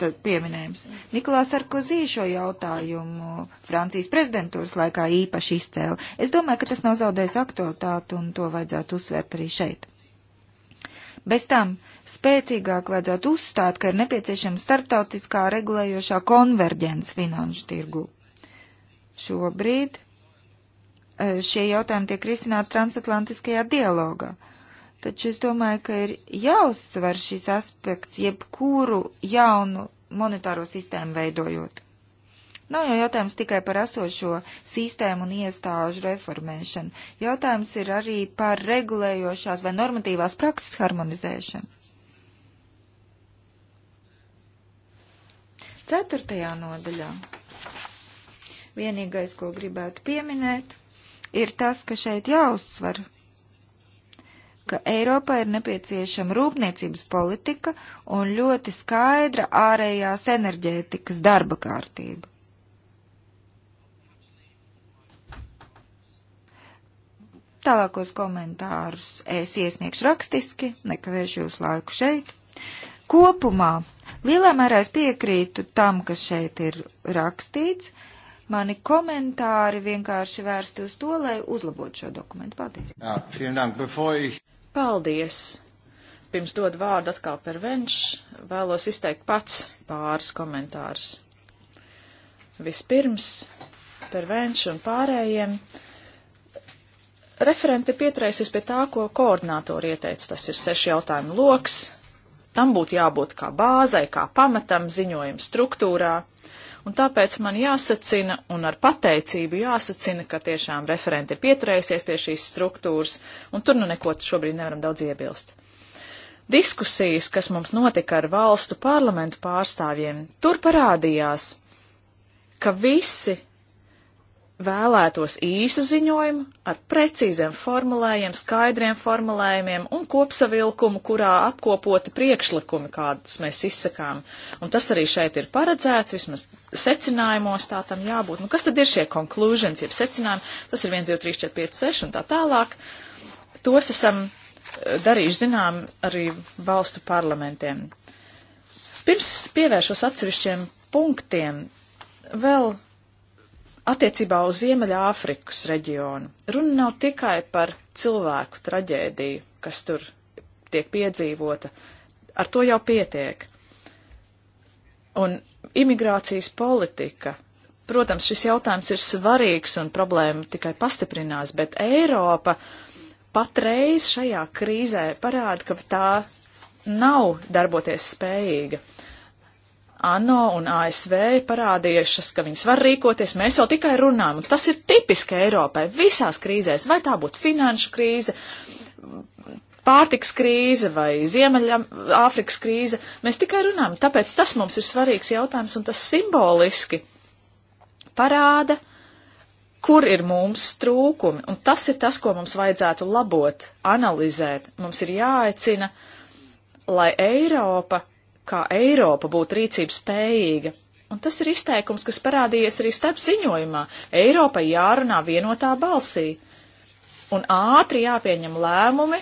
pieminējums. Nikolā Sarkozī šo jautājumu Francijas prezidentūras laikā īpaši izcēla. Es domāju, ka tas nav zaudējis aktualitāti un to vajadzētu uzsvērt arī šeit. Bez tam spēcīgāk vajadzētu uzstāt, ka ir nepieciešama starptautiskā regulējošā konverģence finanšu tirgu. Šobrīd eh, šie jautājumi tiek risināti transatlantiskajā dialogā. Taču es domāju, ka ir jāuzsver šis aspekts jebkuru jaunu monetāro sistēmu veidojot. Nav jau jautājums tikai par esošo sistēmu un iestāžu reformēšanu. Jautājums ir arī par regulējošās vai normatīvās prakses harmonizēšanu. Ceturtajā nodaļā vienīgais, ko gribētu pieminēt, ir tas, ka šeit jāuzsver ka Eiropā ir nepieciešama rūpniecības politika un ļoti skaidra ārējās enerģētikas darba kārtība. Tālākos komentārus es iesniegšu rakstiski, nekavēšu jūs laiku šeit. Kopumā lielā mērā es piekrītu tam, kas šeit ir rakstīts. Mani komentāri vienkārši vērsti uz to, lai uzlabotu šo dokumentu. Paldies! Jā, Paldies! Pirms dod vārdu atkal par venš, vēlos izteikt pats pāris komentārus. Vispirms par venš un pārējiem. Referenti pieturēsies pie tā, ko koordinātori ieteica. Tas ir seši jautājumu loks. Tam būtu jābūt kā bāzai, kā pamatam ziņojuma struktūrā. Uh, Un tāpēc man jāsacina un ar pateicību jāsacina, ka tiešām referenti ir pieturējusies pie šīs struktūras, un tur nu neko šobrīd nevaram daudz iebilst. Diskusijas, kas mums notika ar valstu parlamentu pārstāvjiem, tur parādījās, ka visi vēlētos īsu ziņojumu ar precīziem formulējiem, skaidriem formulējumiem un kopsavilkumu, kurā apkopoti priekšlikumi, kādus mēs izsakām. Un tas arī šeit ir paredzēts, vismaz secinājumos tā tam jābūt. Nu, kas tad ir šie conclusions, jeb secinājumi? Tas ir 1, 2, 3, 4, 5, 6 un tā tālāk. Tos esam eh, darījuši zinām arī valstu parlamentiem. Pirms pievēršos atsevišķiem punktiem, vēl attiecībā uz Ziemeļāfrikas reģionu. Runa nav tikai par cilvēku traģēdiju, kas tur tiek piedzīvota, ar to jau pietiek. Un imigrācijas politika. Protams, šis jautājums ir svarīgs un problēma tikai pastiprinās, bet Eiropa patreiz šajā krīzē parāda, ka tā nav darboties spējīga. ANO un ASV parādījušas, ka viņas var rīkoties, mēs jau tikai runājam. Tas ir tipiski Eiropai visās krīzēs, vai tā būtu finanšu krīze, pārtiks krīze vai Ziemeļa Āfrikas krīze. Mēs tikai runājam, tāpēc tas mums ir svarīgs jautājums un tas simboliski parāda, kur ir mums trūkumi. Un tas ir tas, ko mums vajadzētu labot, analizēt. Mums ir jāaicina, lai Eiropa kā Eiropa būtu rīcības spējīga. Un tas ir izteikums, kas parādījies arī starp ziņojumā. Eiropai jārunā vienotā balsī. Un ātri jāpieņem lēmumi.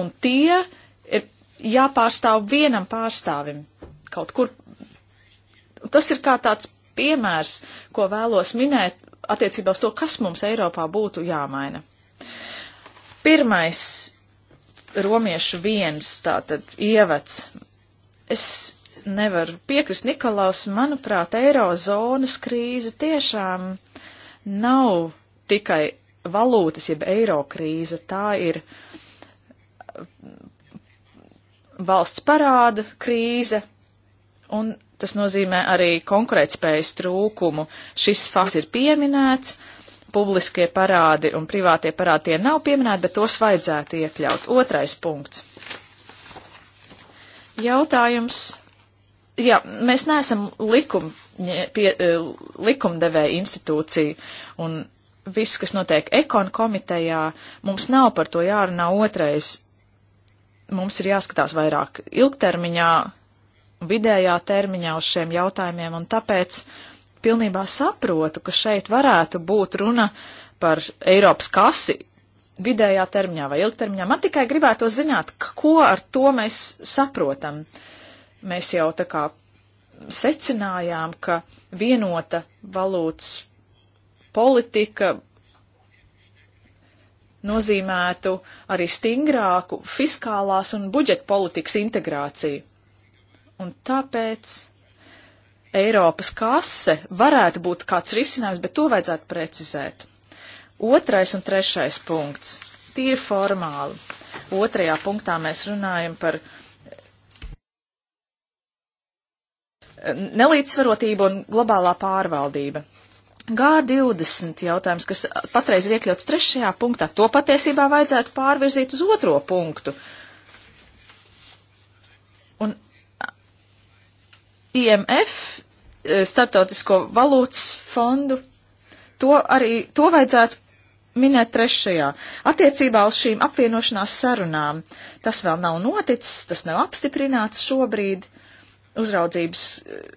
Un tie ir jāpārstāv vienam pārstāvim. Kaut kur. Tas ir kā tāds piemērs, ko vēlos minēt attiecībā uz to, kas mums Eiropā būtu jāmaina. Pirmais romiešu viens, tātad ievads. Es nevaru piekrist Nikolaus, manuprāt, eirozonas krīze tiešām nav tikai valūtas, jeb eiro krīze, tā ir valsts parāda krīze, un tas nozīmē arī konkurētspējas trūkumu. Šis fakts ir pieminēts, uh, publiskie parādi un privātie parādi tie nav pieminēti, bet tos vajadzētu iekļaut. Otrais punkts. Jautājums. Jā, mēs neesam likum, pie, e, likumdevēja institūcija, un viss, kas notiek ekon komitejā, mums nav par to jārunā otrais. Mums ir jāskatās vairāk ilgtermiņā, vidējā termiņā uz šiem jautājumiem, un tāpēc uh, pilnībā saprotu, ka šeit varētu būt runa par Eiropas kasi vidējā termiņā vai ilgtermiņā. Man tikai gribētu zināt, ko ar to mēs saprotam. Mēs jau tā kā secinājām, ka vienota valūtas politika nozīmētu arī stingrāku fiskālās un budžeta politikas integrāciju. Un tāpēc Eiropas kase varētu būt kāds risinājums, bet to vajadzētu precizēt. Otrais un trešais punkts. Tīri formāli. Otrajā punktā mēs runājam par eh, nelīdzsvarotību un globālā pārvaldība. G20 jautājums, kas patreiz ir iekļauts trešajā punktā, to patiesībā vajadzētu pārvirzīt uz otro punktu. Un IMF Eh, starptautisko valūtas fondu. To arī, to vajadzētu minēt trešajā. Attiecībā uz šīm apvienošanās sarunām tas vēl nav noticis, tas nav apstiprināts šobrīd. Uzraudzības eh,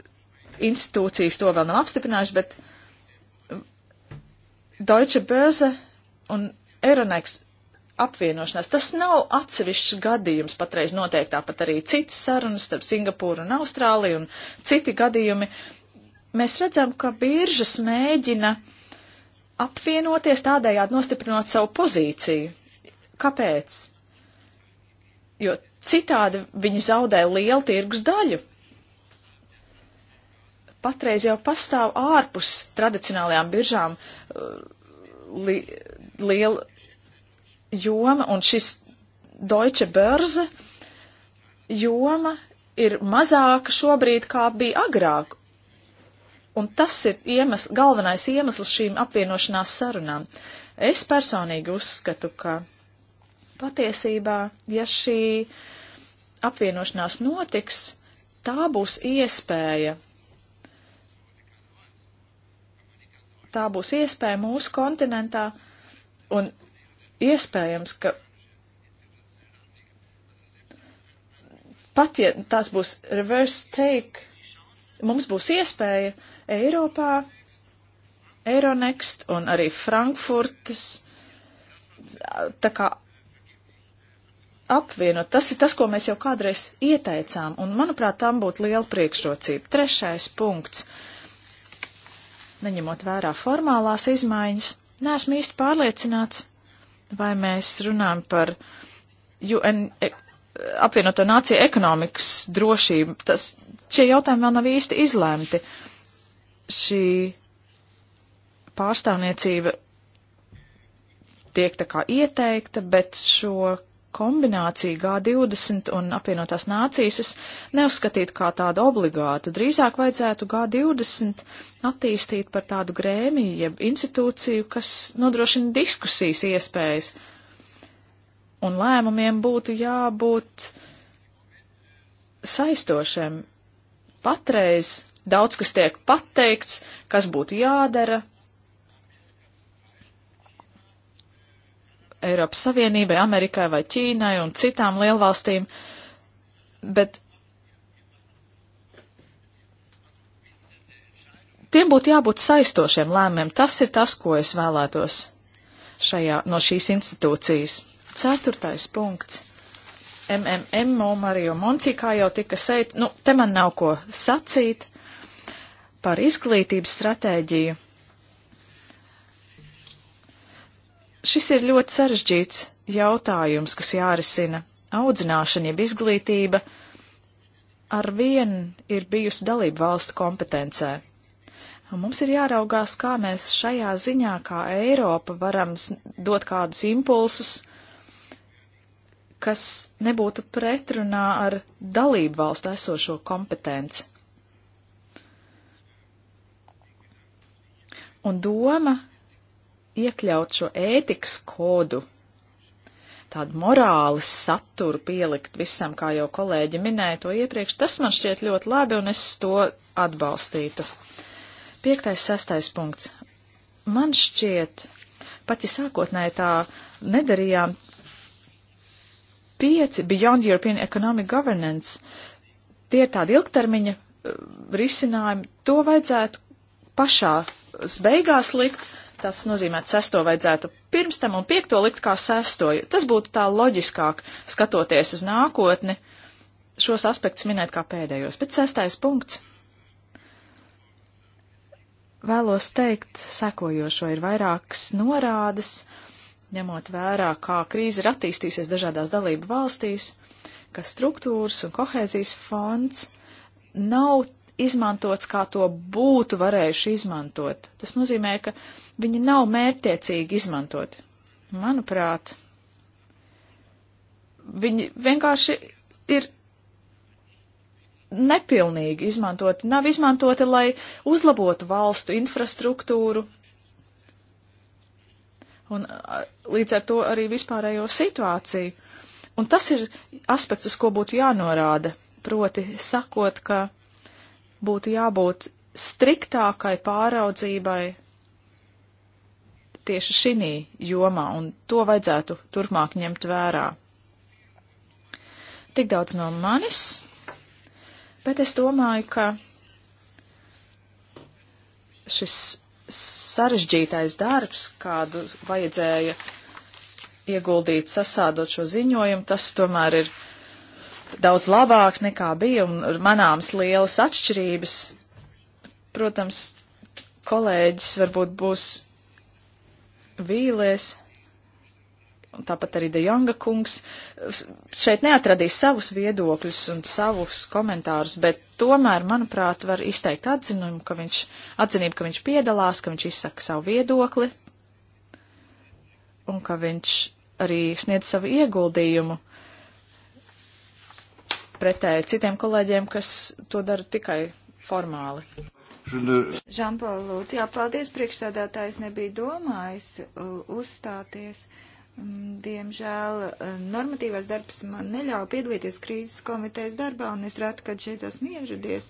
institūcijas to vēl nav apstiprinājušas, bet eh, Deutsche Börse un Euronext apvienošanās. Tas nav atsevišķs gadījums patreiz notiek tāpat arī citas sarunas starp Singapūru un Austrāliju un citi gadījumi. Uh, mēs redzam, ka biržas mēģina apvienoties tādējādi nostiprinot savu pozīciju. Kāpēc? Jo citādi viņi zaudē lielu tirgus daļu. Patreiz jau pastāv ārpus tradicionālajām biržām uh, li, liela joma, un šis Deutsche Börse joma ir mazāka šobrīd, kā bija agrāk, Un tas ir iemes, galvenais iemesls šīm apvienošanās sarunām. Es personīgi uzskatu, ka patiesībā, ja šī apvienošanās notiks, tā būs iespēja. Tā būs iespēja mūsu kontinentā un iespējams, ka pat ja tas būs reverse take, mums būs iespēja Eiropā Eironext un arī Frankfurtas tā kā apvienot. Tas ir tas, ko mēs jau kādreiz ieteicām, un manuprāt, tam būtu liela priekšrocība. Trešais punkts. Neņemot vērā formālās izmaiņas, neesmu īsti pārliecināts, vai mēs runājam par UN e, apvienoto nāciju ekonomikas drošību. Tas, šie jautājumi vēl nav īsti izlēmti. Uh, šī pārstāvniecība tiek tā kā ieteikta, bet šo kombināciju G20 un apvienotās nācijas es neuzskatītu kā tādu obligātu. Drīzāk vajadzētu G20 attīstīt par tādu grēmiju, jeb institūciju, kas nodrošina diskusijas iespējas. Un lēmumiem būtu jābūt saistošiem. Patreiz daudz kas tiek pateikts, kas būtu jādara. Eiropas Savienībai, Amerikai vai Ķīnai un citām lielvalstīm, bet tiem būtu jābūt saistošiem lēmumiem. Tas ir tas, ko es vēlētos šajā, no šīs institūcijas. Ceturtais punkts. MMM Mario Monci, kā jau tika seit, nu, te man nav ko sacīt par izglītības stratēģiju. Šis ir ļoti sarežģīts jautājums, kas jārisina. Audzināšana, jeb izglītība, ar vien ir bijusi dalību valstu kompetencē. Un mums ir jāraugās, kā mēs šajā ziņā, kā Eiropa, varam dot kādus impulsus, kas nebūtu pretrunā ar dalību valstu esošo kompetenci. Un doma iekļaut šo ētikas kodu, tādu morāles saturu pielikt visam, kā jau kolēģi minēja to iepriekš, tas man šķiet ļoti labi, un es to atbalstītu. Piektais, sestais punkts. Man šķiet, pat ja sākotnēji tā nedarījām, pieci Beyond European Economic Governance, tie ir tādi ilgtermiņa eh, risinājumi, to vajadzētu pašā beigās likt, tas nozīmē sesto vajadzētu pirms tam un piekto likt kā sesto. Tas būtu tā loģiskāk skatoties uz nākotni, šos aspektus minēt kā pēdējos. Bet sestais punkts. Vēlos teikt sekojošo ir vairākas norādes, ņemot vērā, kā krīze ir attīstīsies dažādās dalību valstīs, ka struktūras un kohēzijas fonds nav izmantots, kā to būtu varējuši izmantot. Tas nozīmē, ka viņi nav mērķtiecīgi izmantoti. Manuprāt, viņi vienkārši ir nepilnīgi izmantoti, nav izmantoti, lai uzlabotu valstu infrastruktūru un līdz ar to arī vispārējo situāciju. Un tas ir aspekts, uz ko būtu jānorāda, proti sakot, ka būtu jābūt striktākai pāraudzībai tieši šinī jomā, un to vajadzētu turpmāk ņemt vērā. Tik daudz no manis, bet es domāju, ka šis sarežģītais darbs, kādu vajadzēja ieguldīt sasādot šo ziņojumu, tas tomēr ir daudz labāks nekā bija un manāms lielas atšķirības. Protams, kolēģis varbūt būs vīlies, un tāpat arī De Jonga kungs šeit neatradīs savus viedokļus un savus komentārus, bet tomēr, manuprāt, var izteikt atzinumu, ka viņš, atzinību, ka viņš piedalās, ka viņš izsaka savu viedokli un ka viņš arī sniedz savu ieguldījumu pretēji citiem kolēģiem, kas to dara tikai formāli. Žanpaul, lūdzu, jā, paldies priekšsēdētājs nebija domājis uzstāties. Mm, diemžēl e, normatīvais darbs man neļauj piedalīties krīzes komitejas darbā, un es rētu, kad šeit esmu ieradies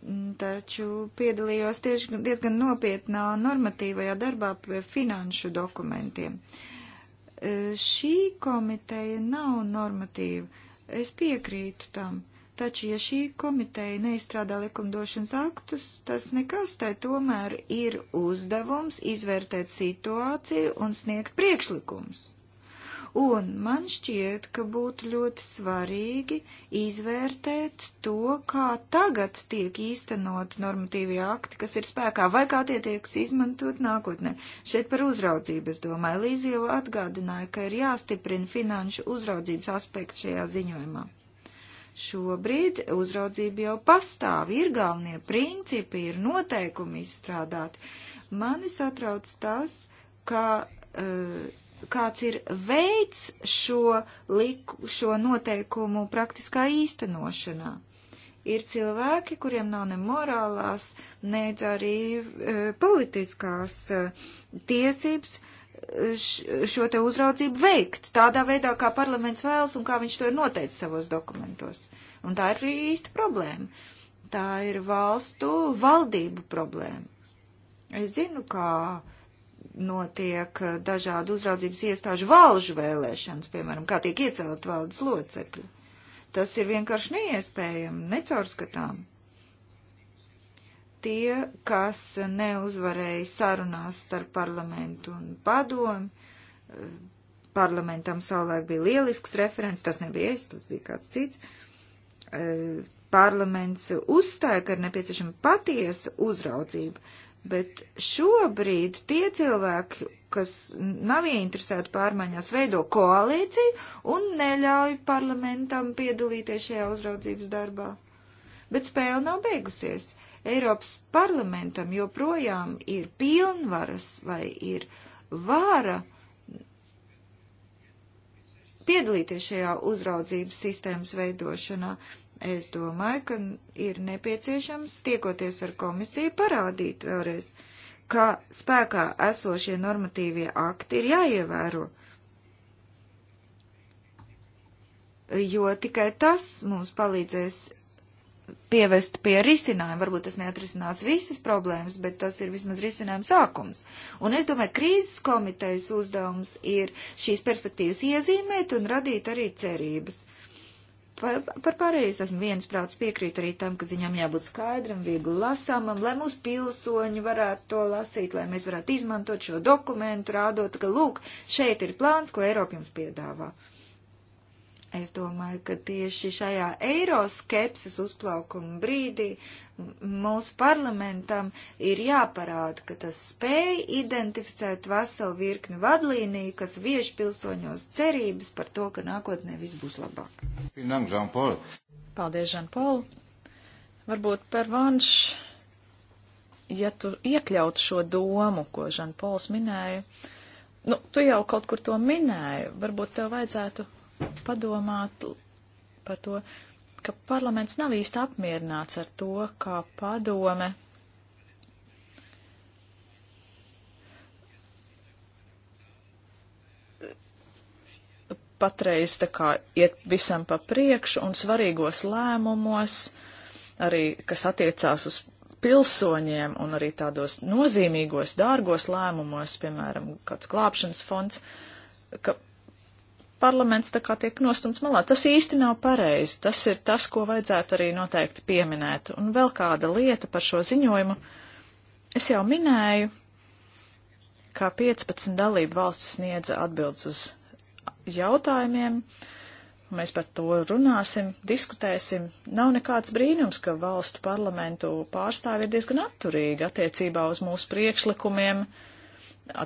mm, taču piedalījos tieši diezgan nopietnā normatīvajā darbā pie finanšu dokumentiem. Uh, Šī komiteja nav normatīva. Es piekrītu tam. Taču, ja šī komiteja neizstrādā likumdošanas aktus, tas nekas, tai tomēr ir uzdevums izvērtēt situāciju un sniegt priekšlikumus. Un man šķiet, ka būtu ļoti svarīgi izvērtēt to, kā tagad tiek īstenot normatīvie akti, kas ir spēkā, vai kā tie tieks izmantot nākotnē. Šeit par uzraudzību, es domāju, Līzi jau atgādināja, ka ir jāstiprina finanšu uzraudzības aspekts šajā ziņojumā. Šobrīd uzraudzība jau pastāv, ir galvenie principi, ir noteikumi izstrādāti. Mani satrauc tas, ka uh, kāds ir veids šo, liku, šo noteikumu praktiskā īstenošanā. Ir cilvēki, kuriem nav ne morālās, ne arī e, politiskās e, tiesības e, š, šo te uzraudzību veikt tādā veidā, kā parlaments vēlas un kā viņš to ir noteicis savos dokumentos. Un tā ir īsta problēma. Tā ir valstu valdību problēma. Es zinu, kā uh, notiek eh, dažādu uzraudzības iestāžu valžu vēlēšanas, piemēram, kā tiek iecelt valdes locekļi. Tas ir vienkārši neiespējami, necaurskatām. Tie, kas neuzvarēja sarunās starp parlamentu un padomu, eh, parlamentam savulaik bija lielisks referents, tas nebija es, tas bija kāds cits. Eh, parlaments uzstāja, ka ir nepieciešama patiesa uzraudzība. Bet šobrīd tie cilvēki, kas nav ieinteresēti pārmaiņās, veido koalīciju un neļauj parlamentam piedalīties šajā uzraudzības darbā. Bet spēle nav beigusies. Eiropas parlamentam joprojām ir pilnvaras vai ir vāra piedalīties šajā uzraudzības sistēmas veidošanā. Es domāju, ka ir nepieciešams tiekoties ar komisiju parādīt vēlreiz, ka spēkā esošie normatīvie akti ir jāievēro, jo tikai tas mums palīdzēs pievest pie risinājuma. Varbūt tas neatrisinās visas problēmas, bet tas ir vismaz risinājums sākums. Un es domāju, krīzes komitejas uzdevums ir šīs perspektīvas iezīmēt un radīt arī cerības. Par, par pārējais esmu viensprāts piekrīt arī tam, ka ziņām jābūt skaidram, viegli lasāmam, lai mūsu pilsoņi varētu to lasīt, lai mēs varētu izmantot šo dokumentu, rādot, ka lūk, šeit ir plāns, ko Eiropa jums piedāvā. Es domāju, ka tieši šajā eiroskepsis uzplaukuma brīdī Mūsu parlamentam ir jāparāda, ka tas spēj identificēt veselu virkni vadlīniju, kas viež pilsoņos cerības par to, ka nākotnē viss būs labāk. Paldies, Žanpol. Varbūt par vanš, ja tu iekļautu šo domu, ko Žanpols minēja, nu, tu jau kaut kur to minēji, varbūt tev vajadzētu padomāt par to, ka parlaments nav īsti apmierināts ar to, kā padome patreiz tā kā iet visam pa priekšu un svarīgos lēmumos, arī kas attiecās uz pilsoņiem un arī tādos nozīmīgos, dārgos lēmumos, piemēram, kāds glābšanas fonds, ka parlaments tā kā tiek nostums malā. Tas īsti nav pareizi. Tas ir tas, ko vajadzētu arī noteikti pieminēt. Un vēl kāda lieta par šo ziņojumu. Es jau minēju, kā 15 dalību valsts sniedza atbildes uz jautājumiem. Mēs par to runāsim, diskutēsim. Nav nekāds brīnums, ka valstu parlamentu pārstāvi ir diezgan atturīgi attiecībā uz mūsu priekšlikumiem,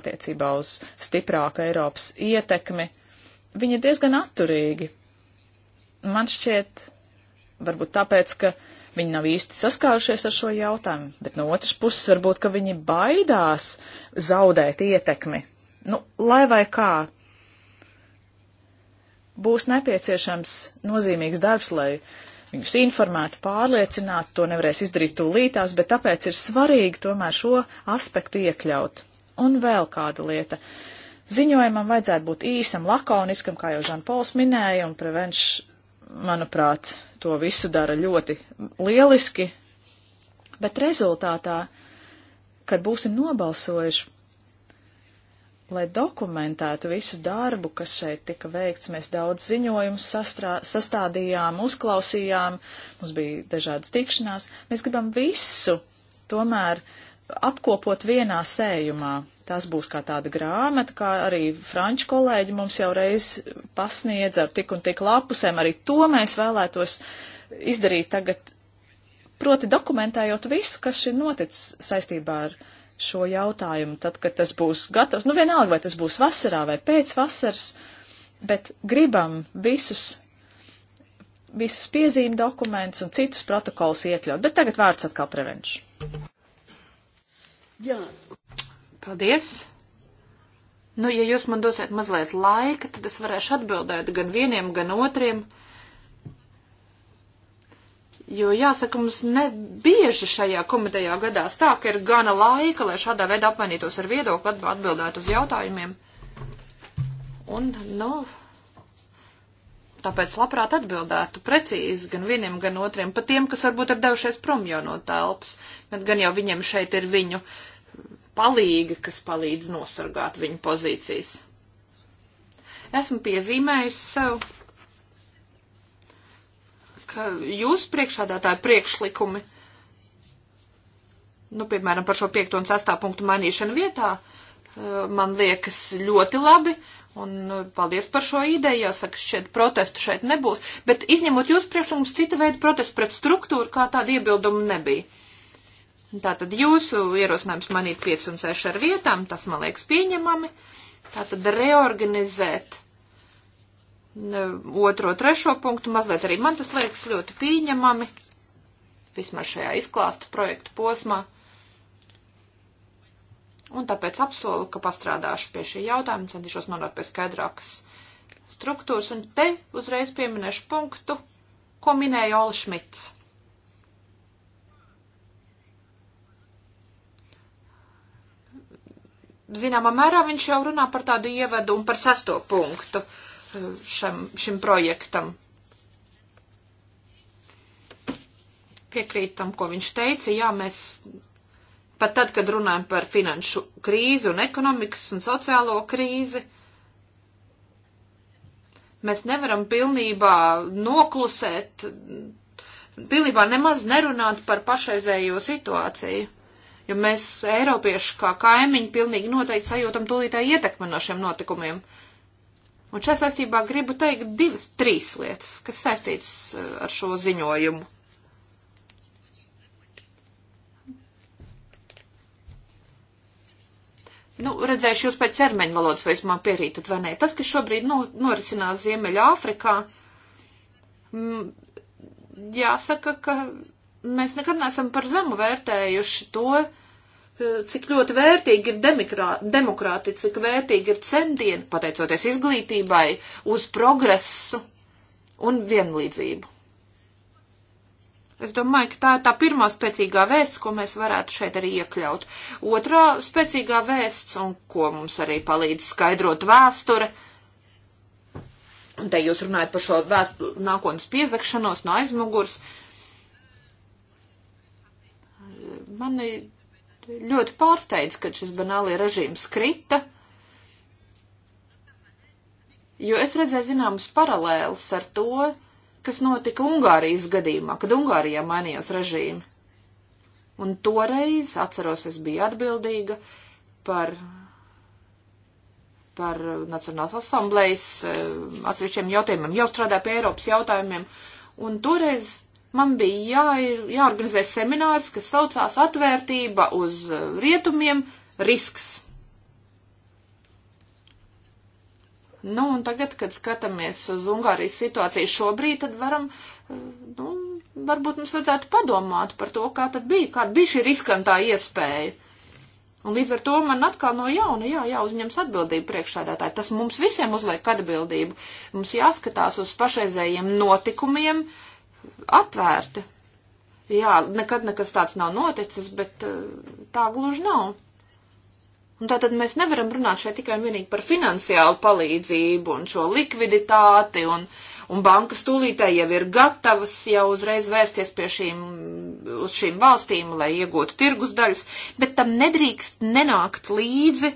attiecībā uz stiprāku Eiropas ietekmi viņi ir diezgan atturīgi. Man šķiet, varbūt tāpēc, ka viņi nav īsti saskārušies ar šo jautājumu, bet no otras puses varbūt, ka viņi baidās zaudēt ietekmi. Nu, lai vai kā, būs nepieciešams nozīmīgs darbs, lai viņus informētu, pārliecinātu, to nevarēs izdarīt tūlītās, bet tāpēc ir svarīgi tomēr šo aspektu iekļaut. Un vēl kāda lieta. Uh, Ziņojumam vajadzētu būt īsam, lakoniskam, kā jau Žan Pols minēja, un prevenš, manuprāt, to visu dara ļoti lieliski, bet rezultātā, kad būsim nobalsojuši, lai dokumentētu visu darbu, kas šeit tika veikts, mēs daudz ziņojumus sastrā, sastādījām, uzklausījām, mums bija dažādas tikšanās, mēs gribam visu tomēr uh, apkopot vienā sējumā. Tas būs kā tāda grāmata, kā arī franču kolēģi mums jau reiz pasniedz ar tik un tik lapusēm. Arī to mēs vēlētos izdarīt tagad, proti dokumentējot visu, kas ir noticis saistībā ar šo jautājumu, tad, kad tas būs gatavs. Nu, vienalga, vai tas būs vasarā vai pēc vasaras, bet gribam visus visas piezīme dokumentus un citus protokols iekļaut. Bet tagad vārds atkal prevenšu. Jā. Paldies. Nu, ja jūs man dosiet mazliet laika, tad es varēšu atbildēt gan vieniem, gan otriem. Jo, jāsaka, mums nebieži šajā komitejā gadās tā, ka ir gana laika, lai šādā veidā apmainītos ar viedokli, atbildētu uz jautājumiem. Un, nu, Tāpēc labprāt atbildētu precīzi gan vieniem, gan otriem, pat tiem, kas varbūt ir devušies prom jau no telpas, bet gan jau viņiem šeit ir viņu palīgi, kas palīdz nosargāt viņu pozīcijas. Esmu piezīmējusi sev, ka jūsu priekšādātāju priekšlikumi, nu, piemēram, par šo 5 un 6 punktu mainīšanu vietā, eh, man liekas ļoti labi, uh, Un nu, paldies par šo ideju, jāsaka, šeit protestu šeit nebūs, bet izņemot jūs priekšlikums, cita veida protestu pret struktūru kā tāda iebildumu nebija. Tātad jūsu ierosinājums manīt 5 un 6 ar vietām, tas man liekas pieņemami. Tātad reorganizēt nu, otro, trešo punktu, mazliet arī man tas liekas ļoti pieņemami, vismaz šajā izklāsta projektu posmā. Un tāpēc apsolu, ka pastrādāšu pie šī jautājuma, centīšos nonākt pie skaidrākas struktūras. Un te uzreiz pieminēšu punktu, ko minēja Ola Šmits. Zināmā mērā viņš jau runā par tādu ievadu un par sesto punktu eh, šam, šim projektam. Piekrīt tam, ko viņš teica. Jā, mēs Pat tad, kad runājam par finanšu krīzi un ekonomikas un sociālo krīzi, mēs nevaram pilnībā noklusēt, pilnībā nemaz nerunāt par pašreizējo situāciju. Jo mēs, Eiropieši, kā kaimiņi, pilnīgi noteikti sajūtam tūlītāju ietekmi no šiem notikumiem. Un šajā saistībā gribu teikt divas, trīs lietas, kas saistītas eh, ar šo ziņojumu. Nu, redzēšu jūs pēc ķermeņa valodas, vai jūs man pierītat vai nē. Tas, kas šobrīd nu, norisinās Ziemeļa Āfrikā, m, mm, jāsaka, ka mēs nekad neesam par zemu vērtējuši to, eh, cik ļoti vērtīgi ir demokrāti, demokrāti cik vērtīgi ir centieni, pateicoties izglītībai, uz progresu un vienlīdzību. Es domāju, ka tā ir tā pirmā spēcīgā vēsts, ko mēs varētu šeit arī iekļaut. Otrā spēcīgā vēsts, un ko mums arī palīdz skaidrot vēsture, un te jūs runājat par šo vēstu nākotnes piezakšanos no aizmugurs, mani ļoti pārsteidz, kad šis banālie režīms krita, jo es redzēju zināmas paralēles ar to, kas notika Ungārijas gadījumā, kad Ungārijā mainījās režīmi. Un toreiz, atceros, es biju atbildīga par, par Nacionālās asamblējas eh, atsevišķiem jautājumiem, jau strādāju pie Eiropas jautājumiem, un toreiz man bija jā, jāorganizē seminārs, kas saucās atvērtība uz rietumiem risks. Nu, un tagad, kad skatāmies uz Ungārijas situāciju šobrīd, tad varam, eh, nu, varbūt mums vajadzētu padomāt par to, kā tad bija, kāda bija šī riskantā iespēja. Un līdz ar to man atkal no jauna jā, jāuzņems atbildība priekšsēdētāji. Tas mums visiem uzliek atbildību. Mums jāskatās uz pašreizējiem notikumiem atvērti. Jā, nekad nekas tāds nav noticis, bet eh, tā gluži nav. Un tātad mēs nevaram runāt šeit tikai un vienīgi par finansiālu palīdzību un šo likviditāti un, un bankas tūlītēji jau ir gatavas jau uzreiz vērsties pie šīm, uz šīm valstīm, lai iegūtu tirgus daļas, bet tam nedrīkst nenākt līdzi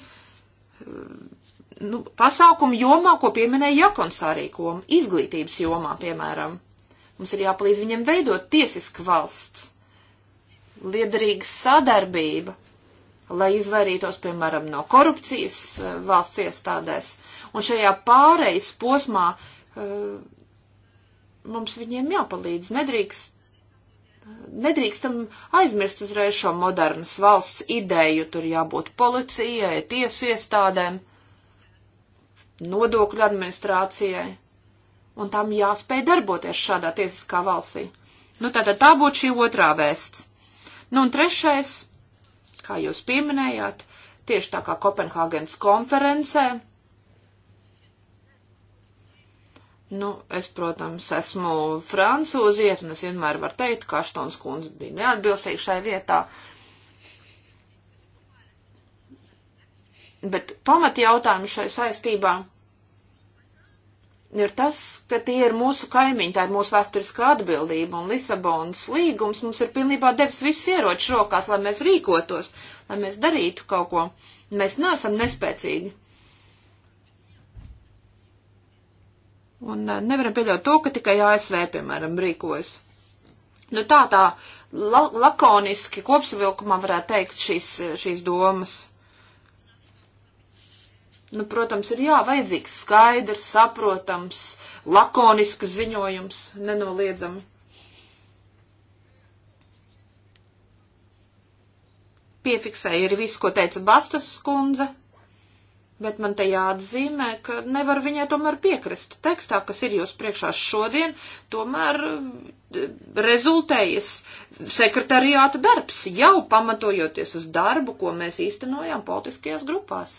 nu, pasākumu jomā, ko pieminēja Jakonsārī, ko izglītības jomā, piemēram. Mums ir jāpalīdz viņiem veidot tiesisku valsts, liederīga sadarbība lai izvairītos, piemēram, no korupcijas eh, valsts iestādēs. Un šajā pārejas posmā eh, mums viņiem jāpalīdz. Nedrīkst, nedrīkstam aizmirst uzreiz šo modernas valsts ideju. Tur jābūt policijai, tiesu iestādēm, nodokļu administrācijai. Un tam jāspēj darboties šādā tiesiskā valstī. Nu, tātad tā būtu šī otrā vēsts. Nu, un trešais Kā jūs pieminējāt, tieši tā kā Kopenhāgenes konferencē, nu, es, protams, esmu francūziet, un es vienmēr varu teikt, ka Aštons kundze bija neatbilstīga šai vietā. Bet pamat jautājumi šai saistībā ir tas, ka tie ir mūsu kaimiņi, tā ir mūsu vēsturiskā atbildība, un Lisabonas līgums mums ir pilnībā devis visus ieročus rokās, lai mēs rīkotos, lai mēs darītu kaut ko. Mēs neesam nespēcīgi. Un eh, nevaram pieļaut to, ka tikai ASV, piemēram, rīkojas. Nu tā tā la lakoniski kopsavilkumā varētu teikt šīs, šīs domas. Nu, protams, ir jā, vajadzīgs skaidrs, saprotams, lakonisks ziņojums, nenoliedzami. Piefiksēja ir viss, ko teica Bastas skundze, bet man te jāatzīmē, ka nevar viņai tomēr piekrist. Tekstā, kas ir jūs priekšā šodien, tomēr eh, rezultējas sekretariāta darbs, jau pamatojoties uz darbu, ko mēs īstenojām politiskajās grupās.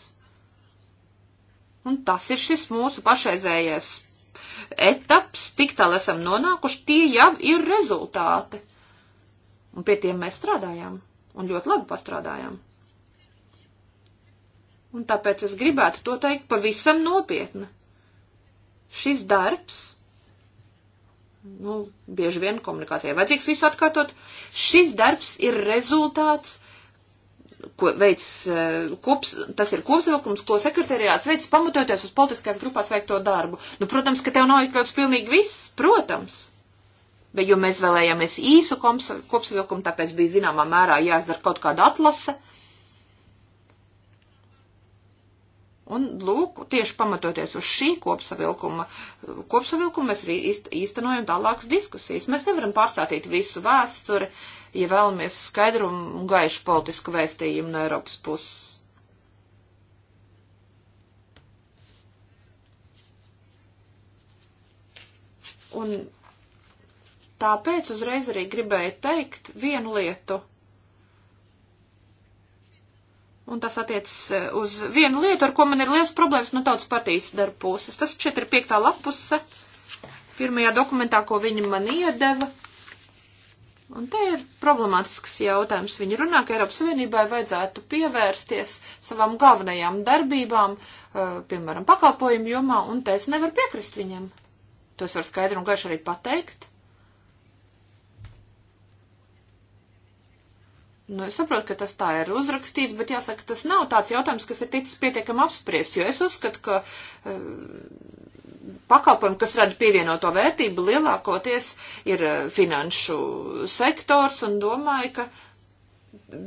Un tas ir šis mūsu pašreizējais etaps, tik tālu esam nonākuši, tie jau ir rezultāti. Un pie tiem mēs strādājām, un ļoti labi pastrādājām. Un tāpēc es gribētu to teikt pavisam nopietni. Šis darbs, nu, bieži vien komunikācijai vajadzīgs visu atkārtot, šis darbs ir rezultāts ko veids eh, kops, tas ir kopsavilkums, ko sekretariāts veids pamatoties uz politiskās grupās veikto darbu. Nu, protams, ka tev nav kaut kas pilnīgi viss, protams. Bet, jo mēs vēlējāmies īsu kopsavilkumu, tāpēc bija zināmā mērā jāizdara kaut kāda atlase. Un, lūk, tieši pamatoties uz šī kopsavilkuma, kopsavilkuma mēs arī īstenojam tālākas diskusijas. Mēs nevaram pārstātīt visu vēsturi. Uh, ja vēlamies skaidru un gaišu politisku vēstījumu no Eiropas puses. Un tāpēc uzreiz arī gribēju teikt vienu lietu. Un tas attiecas e, uz vienu lietu, ar ko man ir liels problēmas no tautas partijas darba puses. Tas šeit ir piektā lapuse, pirmajā dokumentā, ko viņi man iedeva. Un te ir problemātisks jautājums. Viņi runā, ka Eiropas Savienībai vajadzētu pievērsties savām galvenajām darbībām, uh, piemēram, pakalpojumu jomā, un te es nevaru piekrist viņiem. To es varu skaidri un gaiši arī pateikt. Nu, es saprotu, ka tas tā ir uzrakstīts, bet jāsaka, tas nav tāds jautājums, kas ir ticis pietiekami apspriests, jo es uzskatu, ka e, pakalpojumi, kas rada pievienoto vērtību, lielākoties ir eh, finanšu sektors un domāju, ka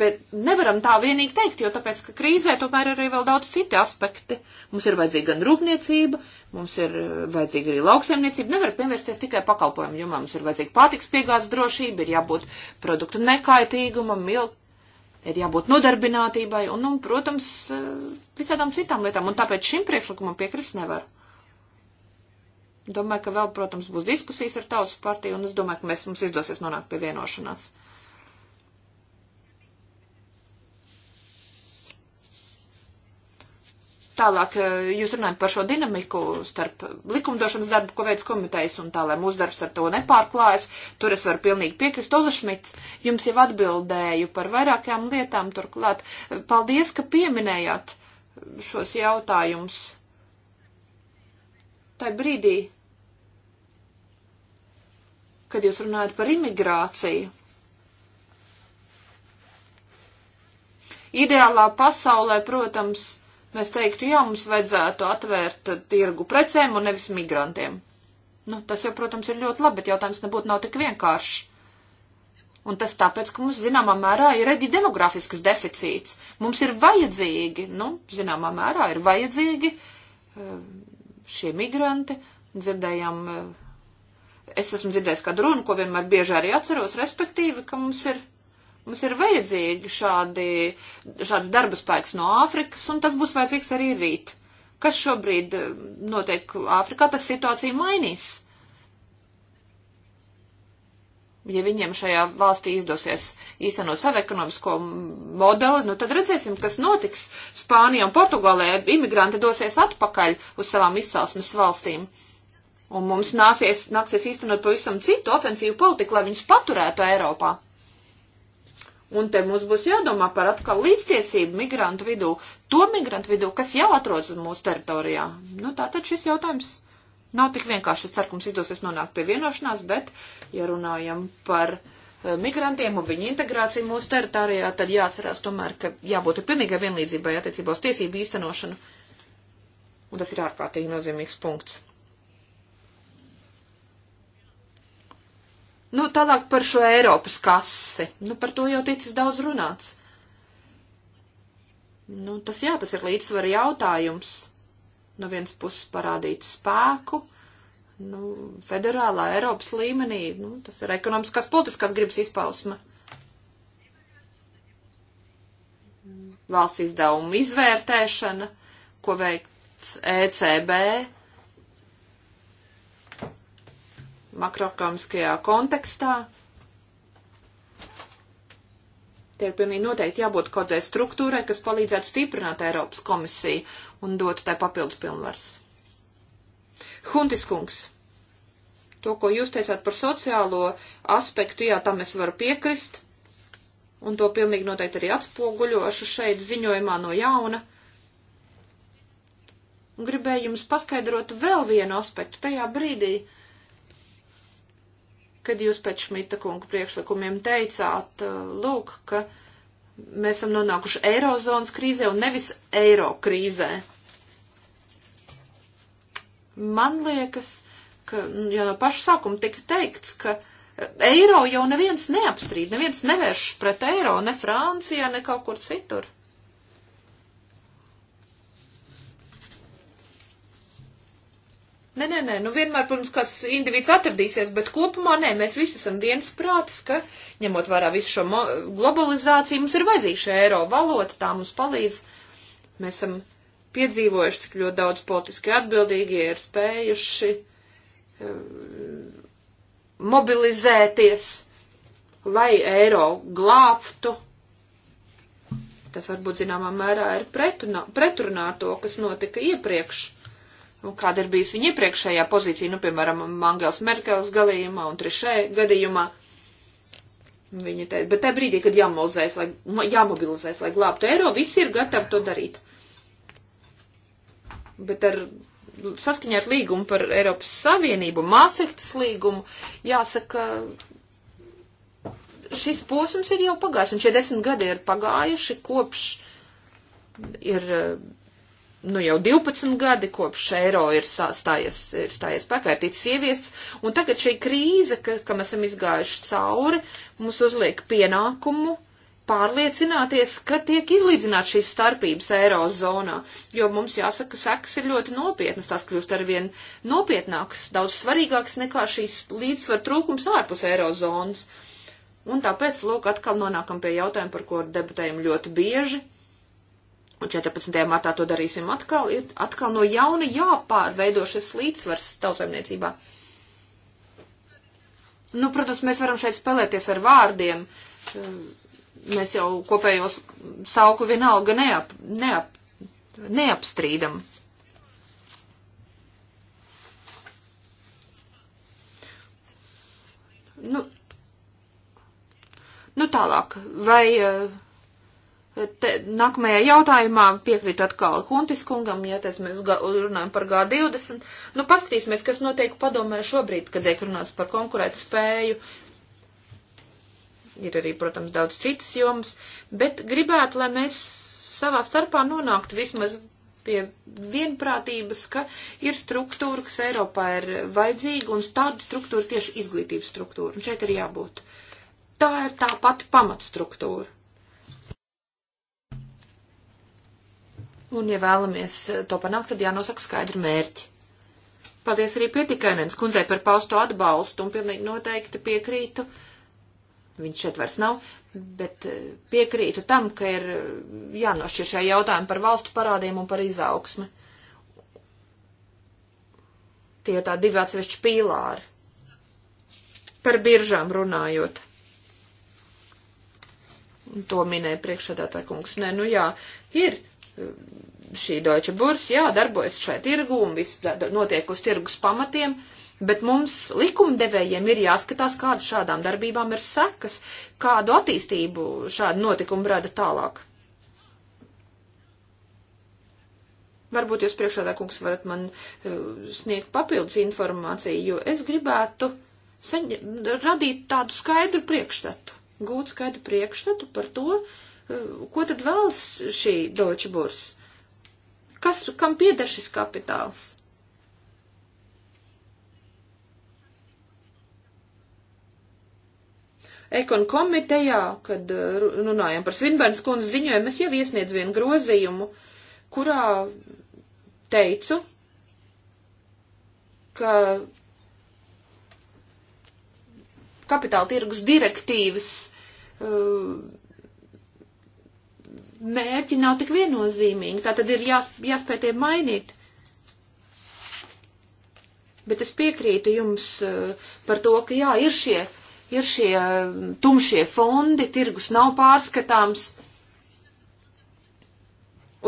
bet nevaram tā vienīgi teikt, jo tāpēc, ka krīzē tomēr arī vēl daudz citi aspekti. Mums ir vajadzīga gan rūpniecība, mums ir eh, vajadzīga arī lauksaimniecība. Nevar pievērsties tikai pakalpojumu jomām. Mums ir vajadzīga pārtiks piegādes drošība, ir jābūt produktu nekaitīgumam, milk, ir jābūt nodarbinātībai un, un, nu, protams, eh, visādām citām lietām. Un tāpēc šim priekšlikumam piekrist nevar. Domāju, ka vēl, protams, būs diskusijas ar tautas partiju, un es domāju, ka mēs, mums izdosies nonākt pie vienošanās. Tālāk eh, jūs runājat par šo dinamiku starp likumdošanas darbu, ko veids komitejas, un tā, lai mūsu darbs ar to nepārklājas, tur es varu pilnīgi piekrist. Olašmits, jums jau atbildēju par vairākām lietām, turklāt paldies, ka pieminējāt šos jautājumus. Tā brīdī, kad jūs runājat par imigrāciju, ideālā pasaulē, protams, mēs teiktu, jā, mums vajadzētu atvērt tirgu precēm un nevis migrantiem. Nu, tas jau, protams, ir ļoti labi, bet jautājums nebūtu nav tik vienkāršs. Un tas tāpēc, ka mums, zināmā mērā, ir arī demografisks deficīts. Mums ir vajadzīgi, nu, zināmā mērā, ir vajadzīgi eh, šie migranti. Dzirdējām, eh, es esmu dzirdējis kādu runu, ko vienmēr bieži arī atceros, respektīvi, ka mums ir Mums ir vajadzīgi šādi, šāds darba spēks no Āfrikas, un tas būs vajadzīgs arī rīt. Kas šobrīd eh, notiek Āfrikā, tas situācija mainīs. Ja viņiem šajā valstī izdosies īstenot savu ekonomisko modeli, nu tad redzēsim, kas notiks. Spānija un Portugālē imigranti dosies atpakaļ uz savām izcelsmes valstīm. Un mums nāsies, nāksies īstenot pavisam citu ofensīvu politiku, lai viņus paturētu Eiropā. Un te mums būs jādomā par atkal līdztiesību migrantu vidū, to migrantu vidū, kas jau atrodas mūsu teritorijā. Nu, tātad šis jautājums nav tik vienkārši. Es ceru, ka mums izdosies nonākt pie vienošanās, bet, ja runājam par eh, migrantiem un viņu integrāciju mūsu teritorijā, tad jāatcerās tomēr, ka jābūt pilnīgai vienlīdzībai attiecībā uz tiesību īstenošanu. Un tas ir ārkārtīgi nozīmīgs punkts. Nu, tālāk par šo Eiropas kasi. Nu, par to jau ticis daudz runāts. Nu, tas jā, tas ir līdzsvara jautājums. No nu, vienas puses parādīt spēku, nu, federālā Eiropas līmenī, nu, tas ir ekonomiskās politiskās gribas izpausme. Valsts izdevuma izvērtēšana, ko veikts ECB, makroekonomiskajā kontekstā. Te ir pilnīgi noteikti jābūt kaut kādai struktūrai, kas palīdzētu stiprināt Eiropas komisiju un dotu tai papildus pilnvars. Huntis kungs, to, ko jūs teicāt par sociālo aspektu, jā, tam es varu piekrist, un to pilnīgi noteikti arī atspoguļošu šeit ziņojumā no jauna. Un gribēju jums paskaidrot vēl vienu aspektu tajā brīdī, uh, kad jūs pēc Šmita kunga priekšlikumiem teicāt, uh, lūk, ka mēs esam nonākuši eirozonas krīzē un nevis eiro krīzē. Man liekas, ka jau no paša sākuma tika teikts, ka uh, eiro jau neviens neapstrīd, neviens nevērš pret eiro, ne Francijā, ne kaut kur citur. Nē, nē, nē, nu vienmēr, protams, kāds individs atradīsies, bet kopumā nē, mēs visi esam viens prātis, ka, ņemot vērā visu šo globalizāciju, mums ir vajadzīga šī eiro valota, tā mums palīdz. Mēs esam piedzīvojuši, cik ļoti daudz politiski atbildīgie ir spējuši um, mobilizēties, lai eiro glābtu. Tas varbūt zināmā mērā ir pretrunā, pretrunā ar to, kas notika iepriekš Nu, kāda ir bijusi viņa iepriekšējā pozīcija, nu, piemēram, Angels Merkels gadījumā un trešē gadījumā. Viņa teica, bet tajā brīdī, kad jāmobilizēs, lai, jāmobilizēs, lai glābtu eiro, visi ir gatavi to darīt. Bet ar saskaņā ar līgumu par Eiropas Savienību, Māsektas līgumu, jāsaka, šis posms ir jau pagājis, un šie desmit gadi ir pagājuši kopš ir nu jau 12 gadi kopš eiro ir stājies, ir stājies spēkā, ir ticis ieviests, un tagad šī krīze, ka, kam esam izgājuši cauri, mums uzliek pienākumu pārliecināties, ka tiek izlīdzināt šīs starpības eirozonā, jo mums jāsaka, ka sekas ir ļoti nopietnas, tās kļūst arvien nopietnākas, daudz svarīgākas nekā šīs līdzsvar trūkums ārpus eirozonas. Un tāpēc, lūk, atkal nonākam pie jautājuma, par ko debatējam ļoti bieži Un 14. martā to darīsim atkal, ir atkal no jauna jāpārveido šis līdzsvars tautsēmniecībā. Nu, protams, mēs varam šeit spēlēties ar vārdiem. Mēs jau kopējos saukli vienalga neap, neap, neapstrīdam. Nu, nu tālāk, vai uh, Te, nākamajā jautājumā piekrītu atkal Huntis kungam, ja tas mēs runājam par G20. Nu, paskatīsimies, kas notiek padomē šobrīd, kad tiek runāts par konkurētu spēju. Ir arī, protams, daudz citas jomas, bet gribētu, lai mēs savā starpā nonāktu vismaz pie vienprātības, ka ir struktūra, kas Eiropā ir vajadzīga, un tāda struktūra tieši izglītības struktūra, un šeit ir jābūt. Tā ir tā pati pamatstruktūra. Un, ja vēlamies to panākt, tad jānosaka skaidri mērķi. Paldies arī pietikainens kundzei par pausto atbalstu un pilnīgi noteikti piekrītu. Viņš šeit vairs nav, bet eh, piekrītu tam, ka ir eh, jānošķir šai jautājumi par valstu parādiem un par izaugsmi. Tie ir tā divi atsevišķi pīlāri. Par biržām runājot. Un to minēja priekšsēdētāja kungs. Nē, nu jā, ir šī Deutsche Burs, jā, darbojas šai tirgu un viss notiek uz tirgus pamatiem, bet mums likumdevējiem ir jāskatās, kāda šādām darbībām ir sekas, kādu attīstību šādi notikumi rada tālāk. Varbūt jūs priekšādā kungs varat man eh, sniegt papildus informāciju, jo es gribētu saņa, radīt tādu skaidru priekšstatu, gūt skaidru priekšstatu par to, uh, Eh, ko tad vēlas šī Deutsche Burs? Kas, kam pieder šis kapitāls? Ekon komitejā, kad eh, runājam par Svinbērnas kundzes ziņojumu, es jau iesniedzu vienu grozījumu, kurā teicu, ka kapitāla tirgus direktīvas uh, mērķi nav tik viennozīmīgi, tā tad ir jās, jāspēj tie mainīt. Bet es piekrītu jums eh, par to, ka jā, ir šie, ir šie eh, tumšie fondi, tirgus nav pārskatāms,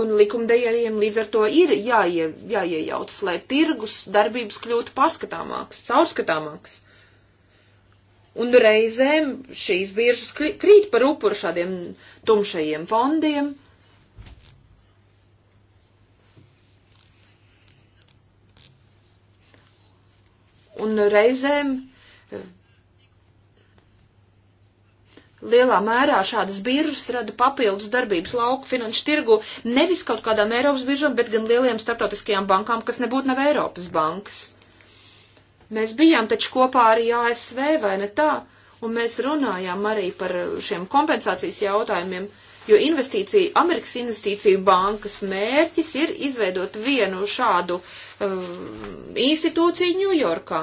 un likumdejējiem līdz ar to ir jāie, jāiejaucas, lai tirgus darbības kļūtu pārskatāmāks, caurskatāmāks un reizēm šīs biržas krīt par upuru šādiem tumšajiem fondiem. Un reizēm eh, Lielā mērā šādas biržas rada papildus darbības lauku finanšu tirgu nevis kaut kādām Eiropas biržām, bet gan lieliem starptautiskajām bankām, kas nebūtu nav Eiropas bankas. Mēs bijām taču kopā arī ASV, vai ne tā? Un mēs runājām arī par šiem kompensācijas jautājumiem, jo investīcija, Amerikas investīciju bankas mērķis ir izveidot vienu šādu uh, institūciju Ņujorkā.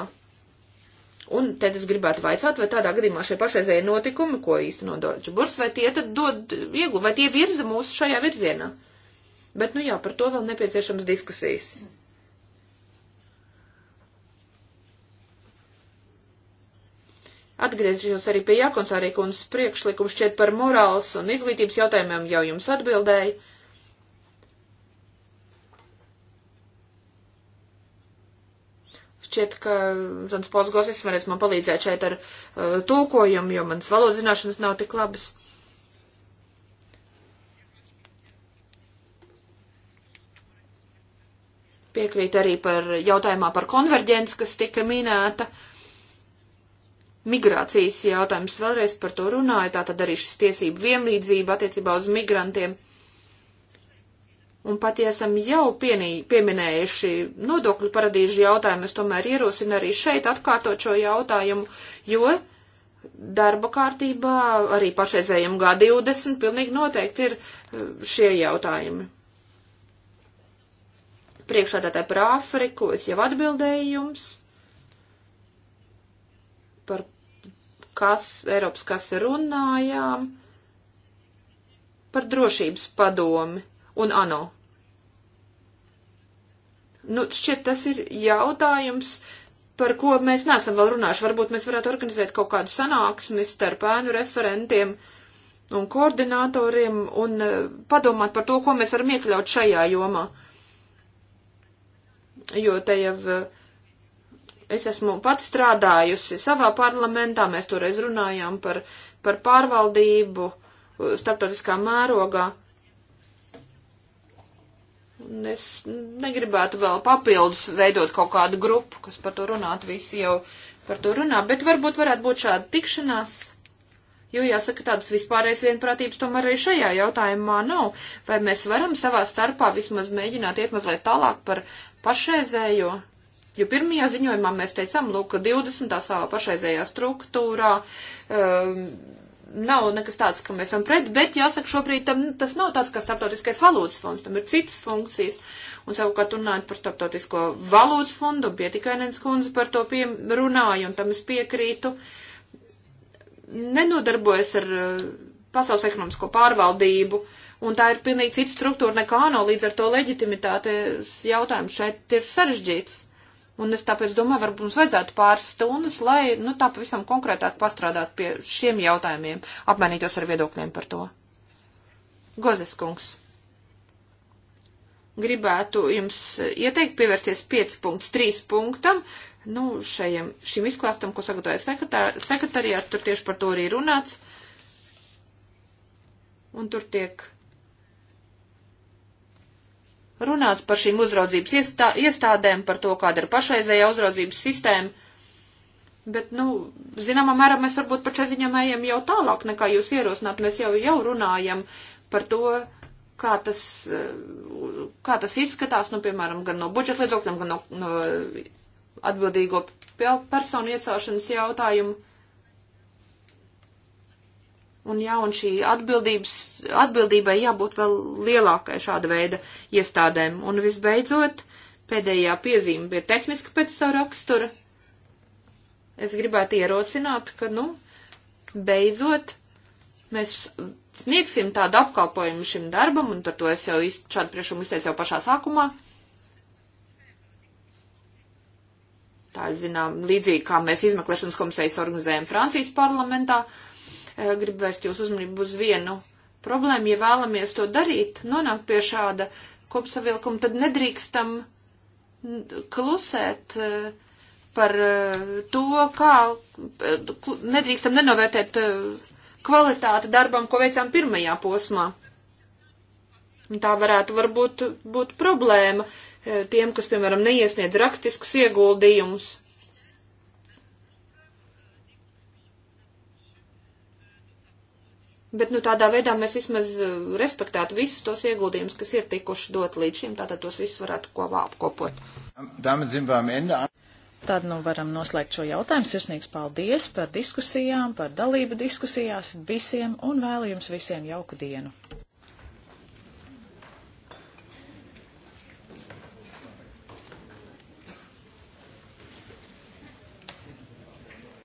Un tad es gribētu vaicāt, vai tādā gadījumā šie pašreizēji notikumi, ko īsteno Dorča Burs, vai tie tad dod iegūvu, vai tie virza mūsu šajā virzienā. Bet, nu jā, par to vēl nepieciešams diskusijas. Mm. Atgriežos arī pie Jākonsārī kundzes priekšlikums šķiet par morāls un izglītības jautājumiem jau jums atbildēju. Šķiet, ka Zans Pols Gosis varēs man palīdzēt šeit ar uh, tulkojumu, jo manas valodas zināšanas nav tik labas. Piekrīt arī par jautājumā par konverģenci, kas tika minēta. Uh, migrācijas jautājums. Vēlreiz par to runāju, tā tad arī šis tiesību vienlīdzība attiecībā uz migrantiem. Un pat, ja esam jau pienī, pieminējuši nodokļu paradīžu jautājumu, es tomēr ierosinu arī šeit atkārtot šo jautājumu, jo darba kārtībā arī pašreizējiem G20 pilnīgi noteikti ir eh, šie jautājumi. Priekšādātāji par Āfriku es jau atbildēju jums par kas, Eiropas kase runājām par drošības padomi un ANO. Nu, šķiet, tas ir jautājums, par ko mēs neesam vēl runājuši. Varbūt mēs varētu organizēt kaut kādu sanāksmi starp ēnu referentiem un koordinatoriem un eh, padomāt par to, ko mēs varam iekļaut šajā jomā. Jo te jau uh, Es esmu pat strādājusi savā parlamentā, mēs toreiz runājām par, par pārvaldību starptautiskā mērogā. Es negribētu vēl papildus veidot kaut kādu grupu, kas par to runātu, visi jau par to runā, bet varbūt varētu būt šāda tikšanās. Jo jāsaka, tādas vispārējas vienprātības tomēr arī šajā jautājumā nav. Vai mēs varam savā starpā vismaz mēģināt iet mazliet tālāk par pašreizējo? Jo pirmajā ziņojumā mēs teicām, lūk, ka 20. savā pašreizējā struktūrā um, nav nekas tāds, ka mēs esam pret, bet jāsaka, šobrīd tam, tas nav tāds kā starptautiskais valūtas fonds, tam ir citas funkcijas. Un savukārt runājot par starptautisko valūtas fondu, pietikainens kundze par to pie, runāja, un tam es piekrītu, nenodarbojas ar eh, pasaules ekonomisko pārvaldību. Un tā ir pilnīgi cita struktūra nekā ANO, līdz ar to leģitimitātes jautājums šeit ir sarežģīts. Un es tāpēc domāju, varbūt mums vajadzētu pāris stundas, lai, nu, tā pavisam konkrētāk pastrādāt pie šiem jautājumiem, apmainītos ar viedokļiem par to. Gozes kungs. Gribētu jums ieteikt pievērsties 5.3 punktam, nu, šajam, šim izklāstam, ko sagatavoja sekretari, sekretariāt, tur tieši par to arī runāts. Un tur tiek runāts par šīm uzraudzības iestā, iestādēm, par to, kāda ir pašreizējā uzraudzības sistēma. Bet, nu, zināmā mērā mēs varbūt par šai ziņām ejam jau tālāk nekā jūs ierosināt. Mēs jau, jau runājam par to, kā tas, eh, kā tas izskatās, nu, piemēram, gan no budžeta līdzokļiem, gan no, no atbildīgo personu iecelšanas jautājumu. Un jā, un šī atbildības, atbildībai jābūt vēl lielākai šāda veida iestādēm. Un visbeidzot, pēdējā piezīme bija tehniska pēc savu rakstura. Es gribētu ierosināt, ka, nu, beidzot, mēs sniegsim tādu apkalpojumu šim darbam, un par to es jau iz, šādu priekšumu izteicu jau pašā sākumā. Tā ir, zinām, līdzīgi kā mēs izmeklēšanas komisijas organizējam Francijas parlamentā. Uh, Eh, gribu vērst jūs uzmanību uz vienu problēmu. Ja vēlamies to darīt, nonākt pie šāda kopsavilkuma, tad nedrīkstam klusēt eh, par eh, to, kā nedrīkstam nenovērtēt kvalitāti darbam, ko veicām pirmajā posmā. Tā varētu varbūt būt problēma tiem, kas, piemēram, neiesniedz rakstiskus ieguldījumus. bet nu, tādā veidā mēs vismaz eh, respektētu visus tos ieguldījumus, kas ir tikuši dot līdz šim, tātad tos visus varētu kopā apkopot. Tad nu varam noslēgt šo jautājumu. Sirsnīgs paldies par diskusijām, par dalību diskusijās visiem un vēlu jums visiem jauku dienu.